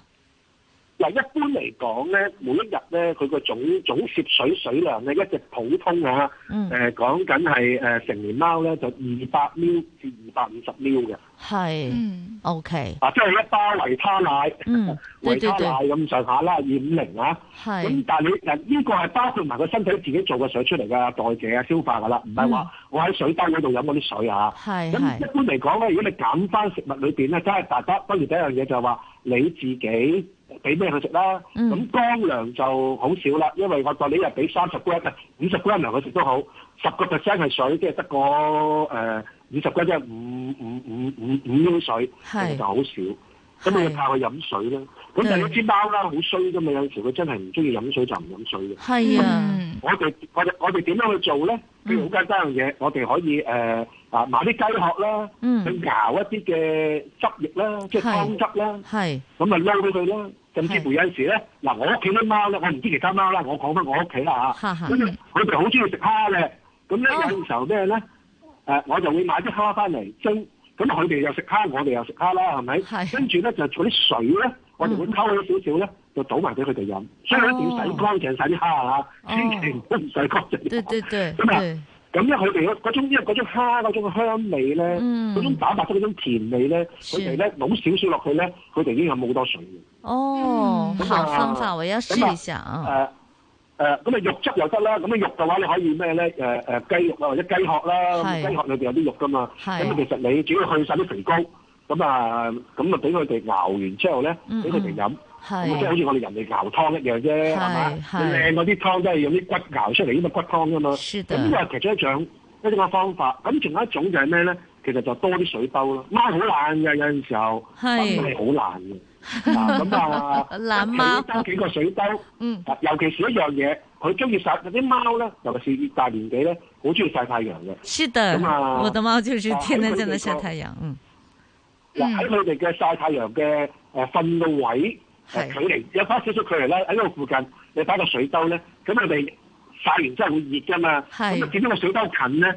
嗱，一般嚟講咧，每一日咧，佢個總總攝水水量咧，一隻普通吓，誒、嗯，講緊係誒成年貓咧，就二百 m l 至二百五十 m l 嘅，係是、嗯、，OK，嗱、啊，即係一包他、嗯、維他奶，維他奶咁上下啦，二五零啊，咁是但係你嗱，呢、這個係包括埋個身體自己做嘅水出嚟㗎，代謝啊、消化噶啦，唔係話我喺水包嗰度飲嗰啲水啊，咁一般嚟講咧，如果你減翻食物裏邊咧，即係大家不如第一樣嘢就話、是、你自己。俾咩佢食啦？咁乾糧就好少啦，因為我嗰日一日俾三十 gram 五十 gram 糧佢食都好，十個 percent 係水，即係得個誒五十 gram 即係五五五五五公水，是就好少。咁你要靠佢飲水咧。咁但係啲貓啦好衰噶嘛，有時佢真係唔中意飲水就唔飲水嘅。係啊，我哋我哋我哋點樣去做咧？譬如好簡單樣嘢，我哋可以誒。呃啊買啲雞殼啦，去熬一啲嘅汁液啦，即係湯汁啦，咁啊撈俾佢啦。甚至乎有陣時咧，嗱我屋企啲貓咧，我唔知其他貓啦，我講翻我屋企啦吓。跟住佢哋好中意食蝦嘅，咁咧有陣時候咩咧？誒，我就會買啲蝦翻嚟蒸，咁佢哋又食蝦，我哋又食蝦啦，係咪？跟住咧就取啲水咧，我哋會溝咗少少咧，就倒埋俾佢哋飲。所以咧，要洗乾淨洗啲蝦啊？千祈都唔洗乾淨。對對咁因為佢哋嗰嗰種因為嗰種蝦嗰種香味咧，嗰、嗯、種蛋白質嗰種甜味咧，佢哋咧攞少少落去咧，佢哋已經飲好多水哦，嗯、好方法，麼我要試一下啊。咁啊、呃呃、肉汁又得啦，咁啊肉嘅話你可以咩咧？誒、呃呃、雞肉啊或者雞殼啦，是雞殼裏面有啲肉噶嘛。咁啊是其實你主要去晒啲肥膏，咁啊咁啊俾佢哋熬完之後咧，俾佢哋飲。即係好似我哋人哋熬湯一樣啫，係嘛？靚嗰啲湯都係用啲骨熬出嚟，呢個骨湯啫嘛。咁又其中一種一種嘅方法。咁仲有一種就係咩咧？其實就多啲水兜咯。貓好懶嘅，有陣時候瞓係好懶嘅。咁啊，其實兜幾個水兜。尤其是一樣嘢，佢中意曬。有啲貓咧，尤其是越大年紀咧，好中意曬太陽嘅。是的。咁啊，我的貓就是天天在曬太陽。喺佢哋嘅曬太陽嘅誒瞓到位。係是距離有翻少少距離啦，喺呢度附近，你擺個水兜咧，咁佢哋晒完之後會熱㗎嘛，咁啊是，見到個水兜近咧，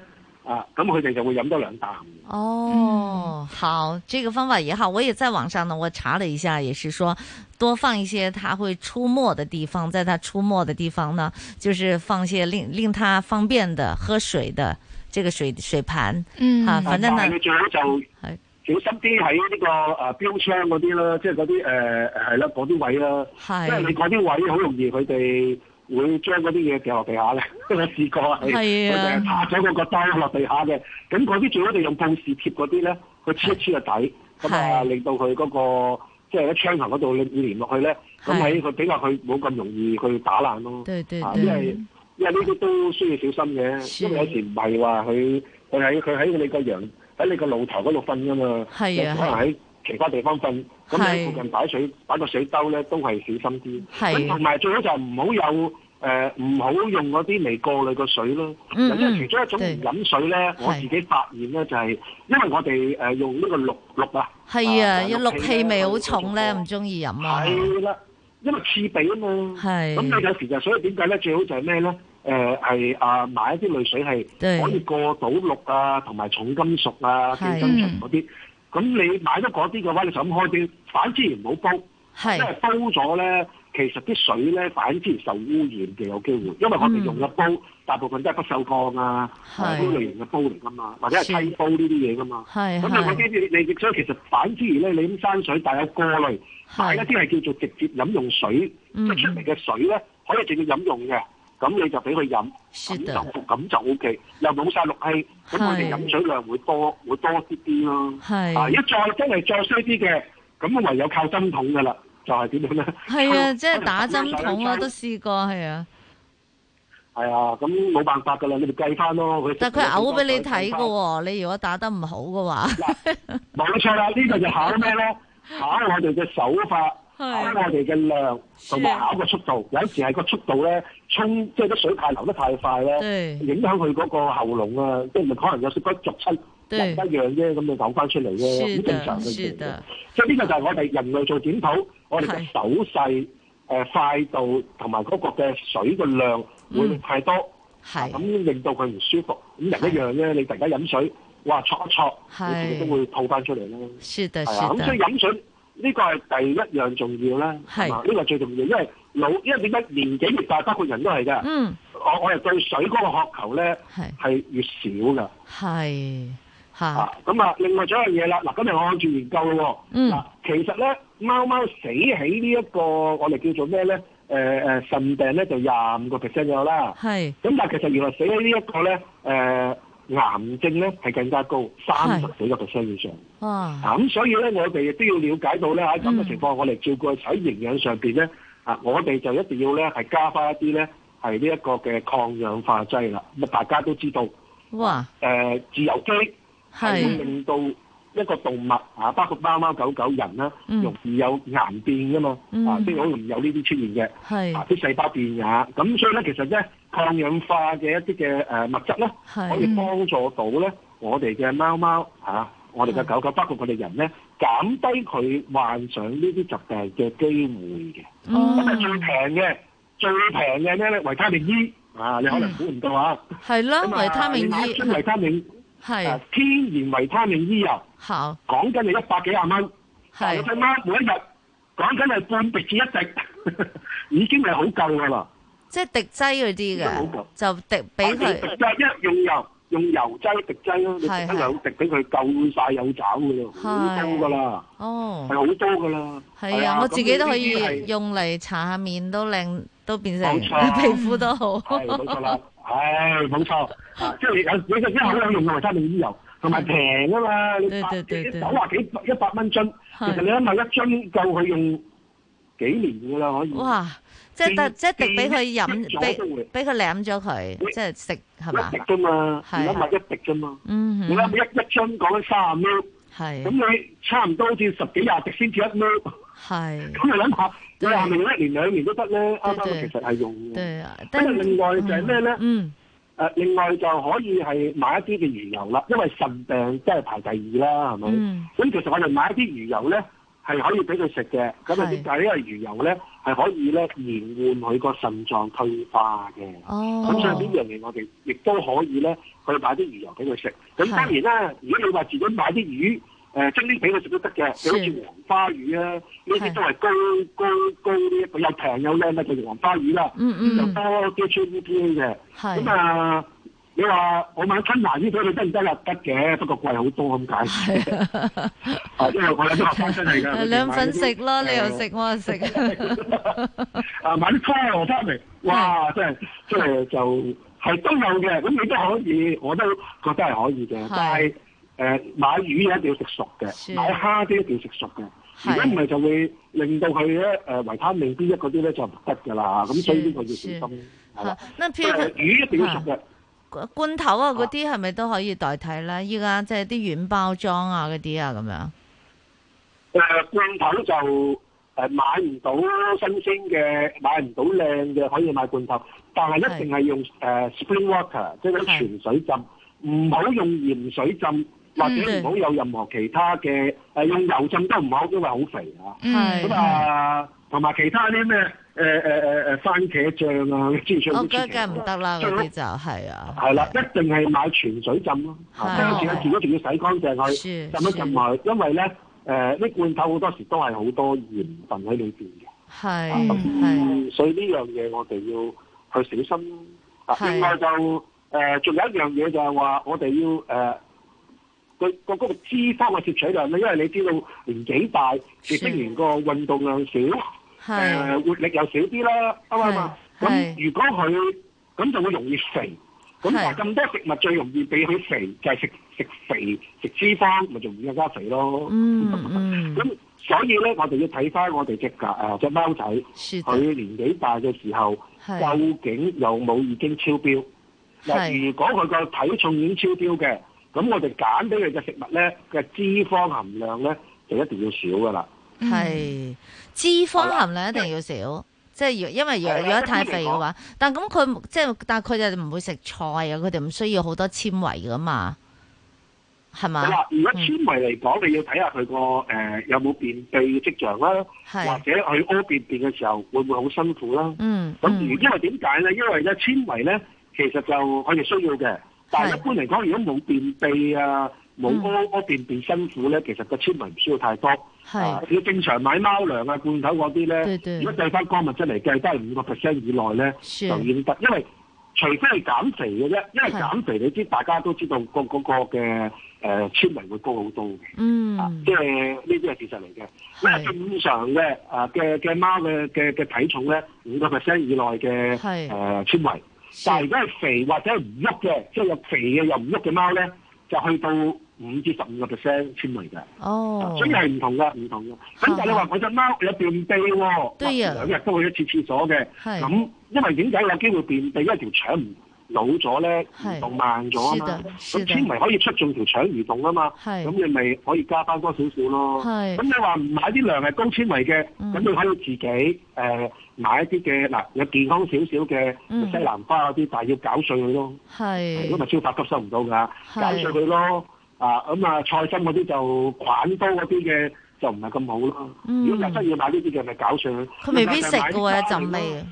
啊，咁佢哋就會飲多兩啖。哦，嗯、好，這個方法也好，我也在網上呢，我查了一下，也是說多放一些它會出沒的地方，在它出沒的地方呢，就是放一些令令它方便的喝水的這個水水盤，嗯，啊，反正呢。小心啲喺呢個誒、啊、標槍嗰啲啦，即係嗰啲誒係啦，啲、呃、位啦，的因為你嗰啲位好容易佢哋會將嗰啲嘢掉落地下咧，我 試過是，佢成日擦咗個腳袋落地下嘅。咁嗰啲最好就用噴士貼嗰啲咧，佢黐一黐個底，咁啊，令到佢嗰、那個即係喺窗頭嗰度咧黏落去咧，咁喺佢比較佢冇咁容易去打爛咯。對對對啊、因為因為呢啲都需要小心嘅，的因為有時唔係話佢佢喺佢喺你個樣。喺你個爐頭嗰度瞓噶嘛，係啊，可能喺其他地方瞓，咁喺附近擺水擺個水兜咧都係小心啲。咁同埋最好就唔好有誒，唔好用嗰啲未過濾個水咯。咁因為其中一種飲水咧，我自己發現咧就係，因為我哋誒用呢個氯氯啊，係啊，一氯氣味好重咧，唔中意飲啊。係啦，因為刺鼻啊嘛。係。咁有有時就所以點解咧？最好就係咩咧？誒係、呃、啊！買一啲濾水器係可以過到氯啊，同埋重金屬啊、寄生蟲嗰啲。咁是你買咗嗰啲嘅話，你就咁開啲。反之而唔好煲，是因為煲咗咧，其實啲水咧，反之而受污染嘅有機會。因為我哋用嘅煲、嗯、大部分都係不鏽鋼啊嗰是、啊、類型嘅煲嚟噶嘛，或者係炊煲呢啲嘢噶嘛。咁啊你，所以其實反之而咧，你咁山水帶有過濾，是買一啲係叫做直接飲用水即、嗯、出嚟嘅水咧，可以直接飲用嘅。咁你就俾佢飲，咁就的就 O、OK、K，又冇晒氯氣，咁我哋飲水量會多，的會多啲啲咯。係的，啊、再再一再真係再衰啲嘅，咁唯有靠針筒噶啦，就係、是、點樣咧？係啊，即、就、係、是、打針筒我、啊、都試過，係啊。係啊，咁冇辦法噶啦，你哋計翻咯。佢但係佢嘔俾你睇㗎喎，你如果打得唔好嘅話，冇、啊、錯啦，呢、呢個就考咩咧？ 考我哋嘅手法。睇我哋嘅量同埋嗰個速度，有時係個速度咧衝，即係啲水太流得太快咧，影響佢嗰個喉嚨啊，即係咪可能有少少灼親，唔一樣啫，咁咪吐翻出嚟咧，好正常嘅嘢。即係呢個就係我哋人類做檢討，我哋嘅手勢誒快度同埋嗰個嘅水嘅量會太多，咁令到佢唔舒服。咁人一樣咧，你突然間飲水，哇，戳一戳，你自己都會吐翻出嚟咯。係啊，咁所以飲水。呢個係第一樣重要啦，呢個是最重要，因為老，因為點解年紀越大，包括人都係噶，嗯、我我哋對水嗰個渴求咧係係越少噶。係係咁啊！另外仲有樣嘢啦，嗱，今日我按住研究咯喎，嗱、嗯，其實咧貓貓死喺呢一個我哋叫做咩咧？誒、呃、誒腎病咧就廿五個 percent 有啦，係咁，是但係其實原來死喺呢一個咧誒。呃癌症咧係更加高三十幾個 percent 以上，啊咁所以咧我哋亦都要了解到咧喺咁嘅情況，嗯、我哋照顧喺營養上面咧，啊我哋就一定要咧係加返一啲咧係呢一個嘅抗氧化劑啦。咁啊大家都知道，哇，誒、呃、自由基係會令到一個動物啊，包括貓貓狗狗人啦，容易有癌變噶嘛，啊，即係好容易有呢啲出現嘅，啊，啲細胞變也，咁所以咧，其實咧，抗氧化嘅一啲嘅誒物質咧，可以幫助到咧，我哋嘅貓貓啊，我哋嘅狗狗，包括我哋人咧，減低佢患上呢啲疾病嘅機會嘅。咁啊，最平嘅，最平嘅咧，維他命 E 啊，你可能估唔到啊，係啦，維他命 E，維他命。天然維他命 E 油，講緊你一百幾廿蚊，隻貓每一日講緊係半滴屎一滴，已經係好夠噶啦。即係滴劑嗰啲嘅，就滴俾佢。一用油，用油劑滴劑咯，你真係好滴俾佢夠晒，有找噶咯，好多噶啦。哦，係好多噶啦。係啊，我自己都可以用嚟搽下面都靚，都變成皮膚都好。係係冇錯，即係有你只一盒有用嘅維他命 E 油，同埋平啊嘛，你百幾九百幾一百蚊樽，其實你一買一樽夠佢用幾年噶啦可以。哇！即係得即係一滴俾佢飲，俾俾佢舐咗佢，即係食係嘛？一滴啫嘛，一買一滴啫嘛。嗯哼，你諗下一一樽講緊卅蚊，係咁你差唔多好似十幾廿滴先至一蚊，係咁你諗下。廿零咧，一年對兩年都得咧。啱啱其實係用，嘅。跟住另外就係咩咧？嗯，誒、呃，另外就可以係買一啲嘅魚油啦。因為腎病即係排第二啦，係咪、嗯？咁其實我哋買一啲魚油咧，係可以俾佢食嘅。咁啊是，因為魚油咧係可以咧延緩佢個腎臟退化嘅。哦，咁所以呢樣嘢我哋亦都可以咧去買啲魚油俾佢食。咁當然啦，如果你話自己買啲魚。誒，蒸啲魚我食都得嘅，就好似黃花魚啊，呢啲是都係高高高呢一個又平又靚嘅就黃花魚啦，嗯嗯，又多啲鮮味嘅，係咁是啊！你話我買吞拿魚佢你得唔得啊？得嘅，不過貴好多咁解，釋，啊，因為、啊、我出 有都白返身嚟㗎。兩份食咯，你又食我又食，啊 買啲菜我翻嚟， 哇！真係真係就係都有嘅，咁你都可以，我都覺得係可以嘅，是但係。誒買魚一定要食熟嘅，是買蝦啲一定要食熟嘅，如果唔係就會令到佢咧誒維他命 B 一嗰啲咧就唔得㗎啦。咁是所以呢個要小心，係咯是。吧那譬如魚一定要熟嘅，罐頭啊嗰啲係咪都可以代替咧？依家即係啲軟包裝啊嗰啲啊咁樣。誒罐、呃、頭就誒買唔到新鮮嘅，買唔到靚嘅可以買罐頭，但係一定係用誒是、uh, spring water，即係啲泉水浸，唔好是用鹽水浸。或者唔好有任何其他嘅，誒用油浸都唔好，因為好肥啊。咁啊，同埋其他啲咩誒誒誒誒番茄醬啊，之前最，我覺得梗係唔得啦，嗰啲就係啊。係啦，一定係買泉水浸咯。跟住，如果仲要洗乾淨佢，浸一浸埋，因為咧誒啲罐頭好多時都係好多鹽分喺裏邊嘅。係，係。所以呢樣嘢我哋要去小心。嗱，另外就誒仲有一樣嘢就係話，我哋要誒。個個脂肪嘅攝取量咧，因為你知道年紀大，食完個運動量少，誒是、呃、活力又少啲啦，啊嘛，咁如果佢咁就會容易肥，咁咁是多食物最容易俾佢、就是、肥就係食食肥食脂肪，咪容易更加肥咯。嗯，咁、嗯、所以咧，我哋要睇翻我哋隻嘅隻貓仔，佢的年紀大嘅時候，是究竟有冇已經超標？嗱是，如果佢個體重已經超標嘅。咁我哋揀俾佢嘅食物咧，嘅脂肪含量咧就一定要少噶啦，係、嗯、脂肪含量一定要少，即係、嗯、就是、因為、嗯、如果如果太肥嘅話，但咁佢即係但係佢就唔會食菜啊，佢哋唔需要好多纖維噶嘛，係嘛？嗱，如果纖維嚟講，你要睇下佢個誒有冇便秘嘅跡象啦，是或者佢屙便便嘅時候會唔會好辛苦啦？嗯，咁因為點解咧？因為咧纖維咧其實就我哋需要嘅。但係一般嚟講，如果冇便秘啊、冇屙便便辛苦咧，其實個纖維唔需要太多。係，你正常買貓糧啊、罐頭嗰啲咧，如果計翻乾物質嚟計都係五個 percent 以內咧，就已得。因為除非係減肥嘅啫，因為減肥你知大家都知道個嗰個嘅誒纖維會高好多嘅。嗯，即係呢啲係事實嚟嘅。因為正常嘅啊嘅嘅貓嘅嘅嘅體重咧？五個 percent 以內嘅誒纖維。是但係如果係肥或者唔喐嘅，即、就、係、是、又肥嘅又唔喐嘅貓咧，就去到五至十五個 percent 纖維嘅。的哦、嗯，所以係唔同嘅，唔同嘅。咁哈但係你話我隻貓有便秘、哦，兩日、啊、都去一次廁所嘅，咁是、嗯、因為點解有機會便秘，因為條腸唔。老咗咧，活動慢咗啊嘛。咁纖維可以促進條腸蠕動啊嘛。咁的你咪可以加翻多少少咯。咁你話唔買啲糧係高纖維嘅，咁、嗯、你可以自己誒、呃、買一啲嘅嗱，有、呃、健康少少嘅西蘭花嗰啲，嗯、但係要攪碎佢咯。係如果咪消化吸收唔到㗎，攪的碎佢咯。啊咁啊，菜心嗰啲就菌多嗰啲嘅就唔係咁好咯。嗯、如果又真要買呢啲嘅，咪攪碎佢。佢未必食㗎一陣味。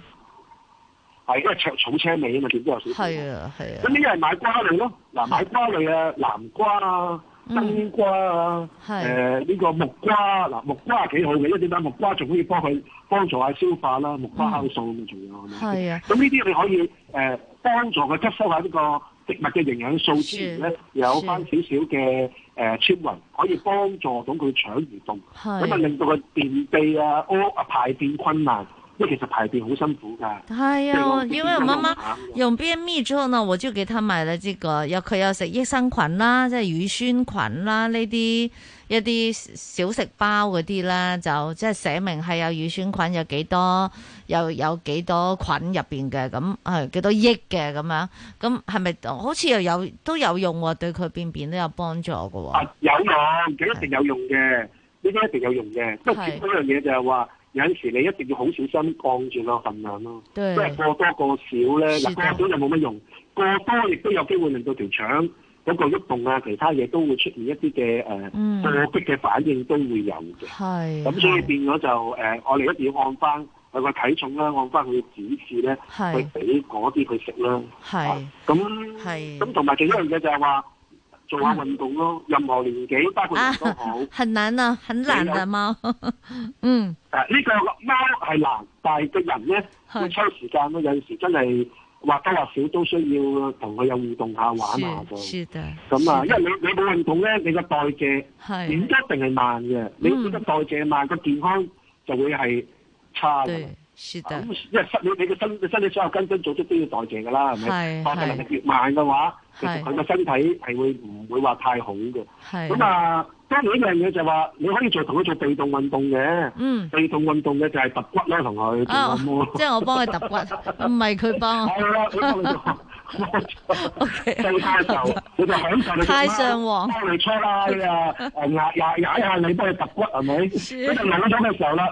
係，因為灼草青味啊嘛，點都有少少。係啊，係啊。咁呢啲係買瓜類咯，嗱、啊、買瓜類啊，南瓜啊、冬瓜啊，誒呢個木瓜，嗱木瓜啊幾好嘅，因為點解木瓜仲可以幫佢幫助下消化啦，木瓜酵素咁、嗯、啊，仲有。係啊。咁呢啲你可以誒、呃、幫助佢吸收下呢個植物嘅營養素之餘咧，係啊係啊、有翻少少嘅誒纖維，可以幫助到佢腸蠕動，咁啊就令到佢便秘啊、屙啊排便困難。因為其實排便好辛苦噶，係啊，因為我媽媽用 b m 之後呢，我就給她買了這個，有佢有食益生菌啦，即係乳酸菌啦呢啲一啲小食包嗰啲啦，就即係寫明係有乳酸菌有幾多，又有幾多菌入邊嘅，咁係幾多億嘅咁樣，咁係咪好似又有都有用、啊、對佢便便都有幫助嘅、啊？有用，佢一定有用嘅，呢啲是一定有用嘅。不過是樣嘢就係話。有陣時你一定要好小心，降住個份量咯。即係對過多過少咧，嗱過少就冇乜用，過多亦都有機會令到條腸嗰、那個喐動啊，其他嘢都會出現一啲嘅誒過激嘅反應都會有嘅。係咁是所以變咗就誒的、呃，我哋一定要按翻佢個體重啦，按翻佢指示咧的去俾嗰啲佢食啦。係咁的，咁同埋仲一樣嘢就係話。做下運動咯，嗯、任何年紀，包括人都好，啊、很難啊，很難啊貓，為嗯。誒呢、啊這個貓係難，但係啲人咧要抽時間咯，有時真係或多或少都需要同佢有互動下、玩下嘅。咁啊，因為你你冇運動咧，你個代謝唔一定係慢嘅，的你覺得代謝慢，個、嗯、健康就會係差嘅。咁，因失你你身，身體所有根身組織都要代謝噶啦，係咪？代謝能力越慢嘅話，其實佢個身體係會唔會話太好嘅？咁啊，當然一樣嘢就係話，你可以做同佢做被動運動嘅，嗯，被動運動嘅就係揼骨啦，同佢咁咯。即係我幫佢揼骨，唔係佢幫我。太上皇，你就享受你太上皇幫你搓下啊！壓壓壓一下你幫你揼骨係咪？佢就難到咗嘅時候啦。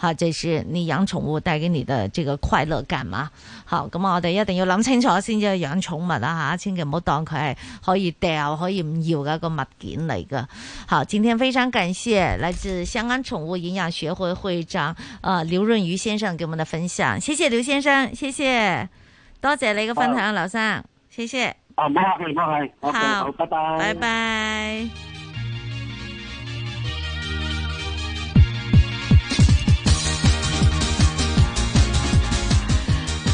好，這是你養寵物帶給你的這個快樂感嘛。好，咁我哋一定要諗清楚先至養寵物啊吓，千祈唔好當佢係可以掉可以唔要嘅一、這個物件嚟嘅。好，今天非常感謝來自香港寵物營養學會會長誒、呃、劉潤餘先生給我們的分享，謝謝劉先生，謝謝，多謝你嘅分享，劉生、啊，謝謝。啊，好，好，拜拜，拜拜。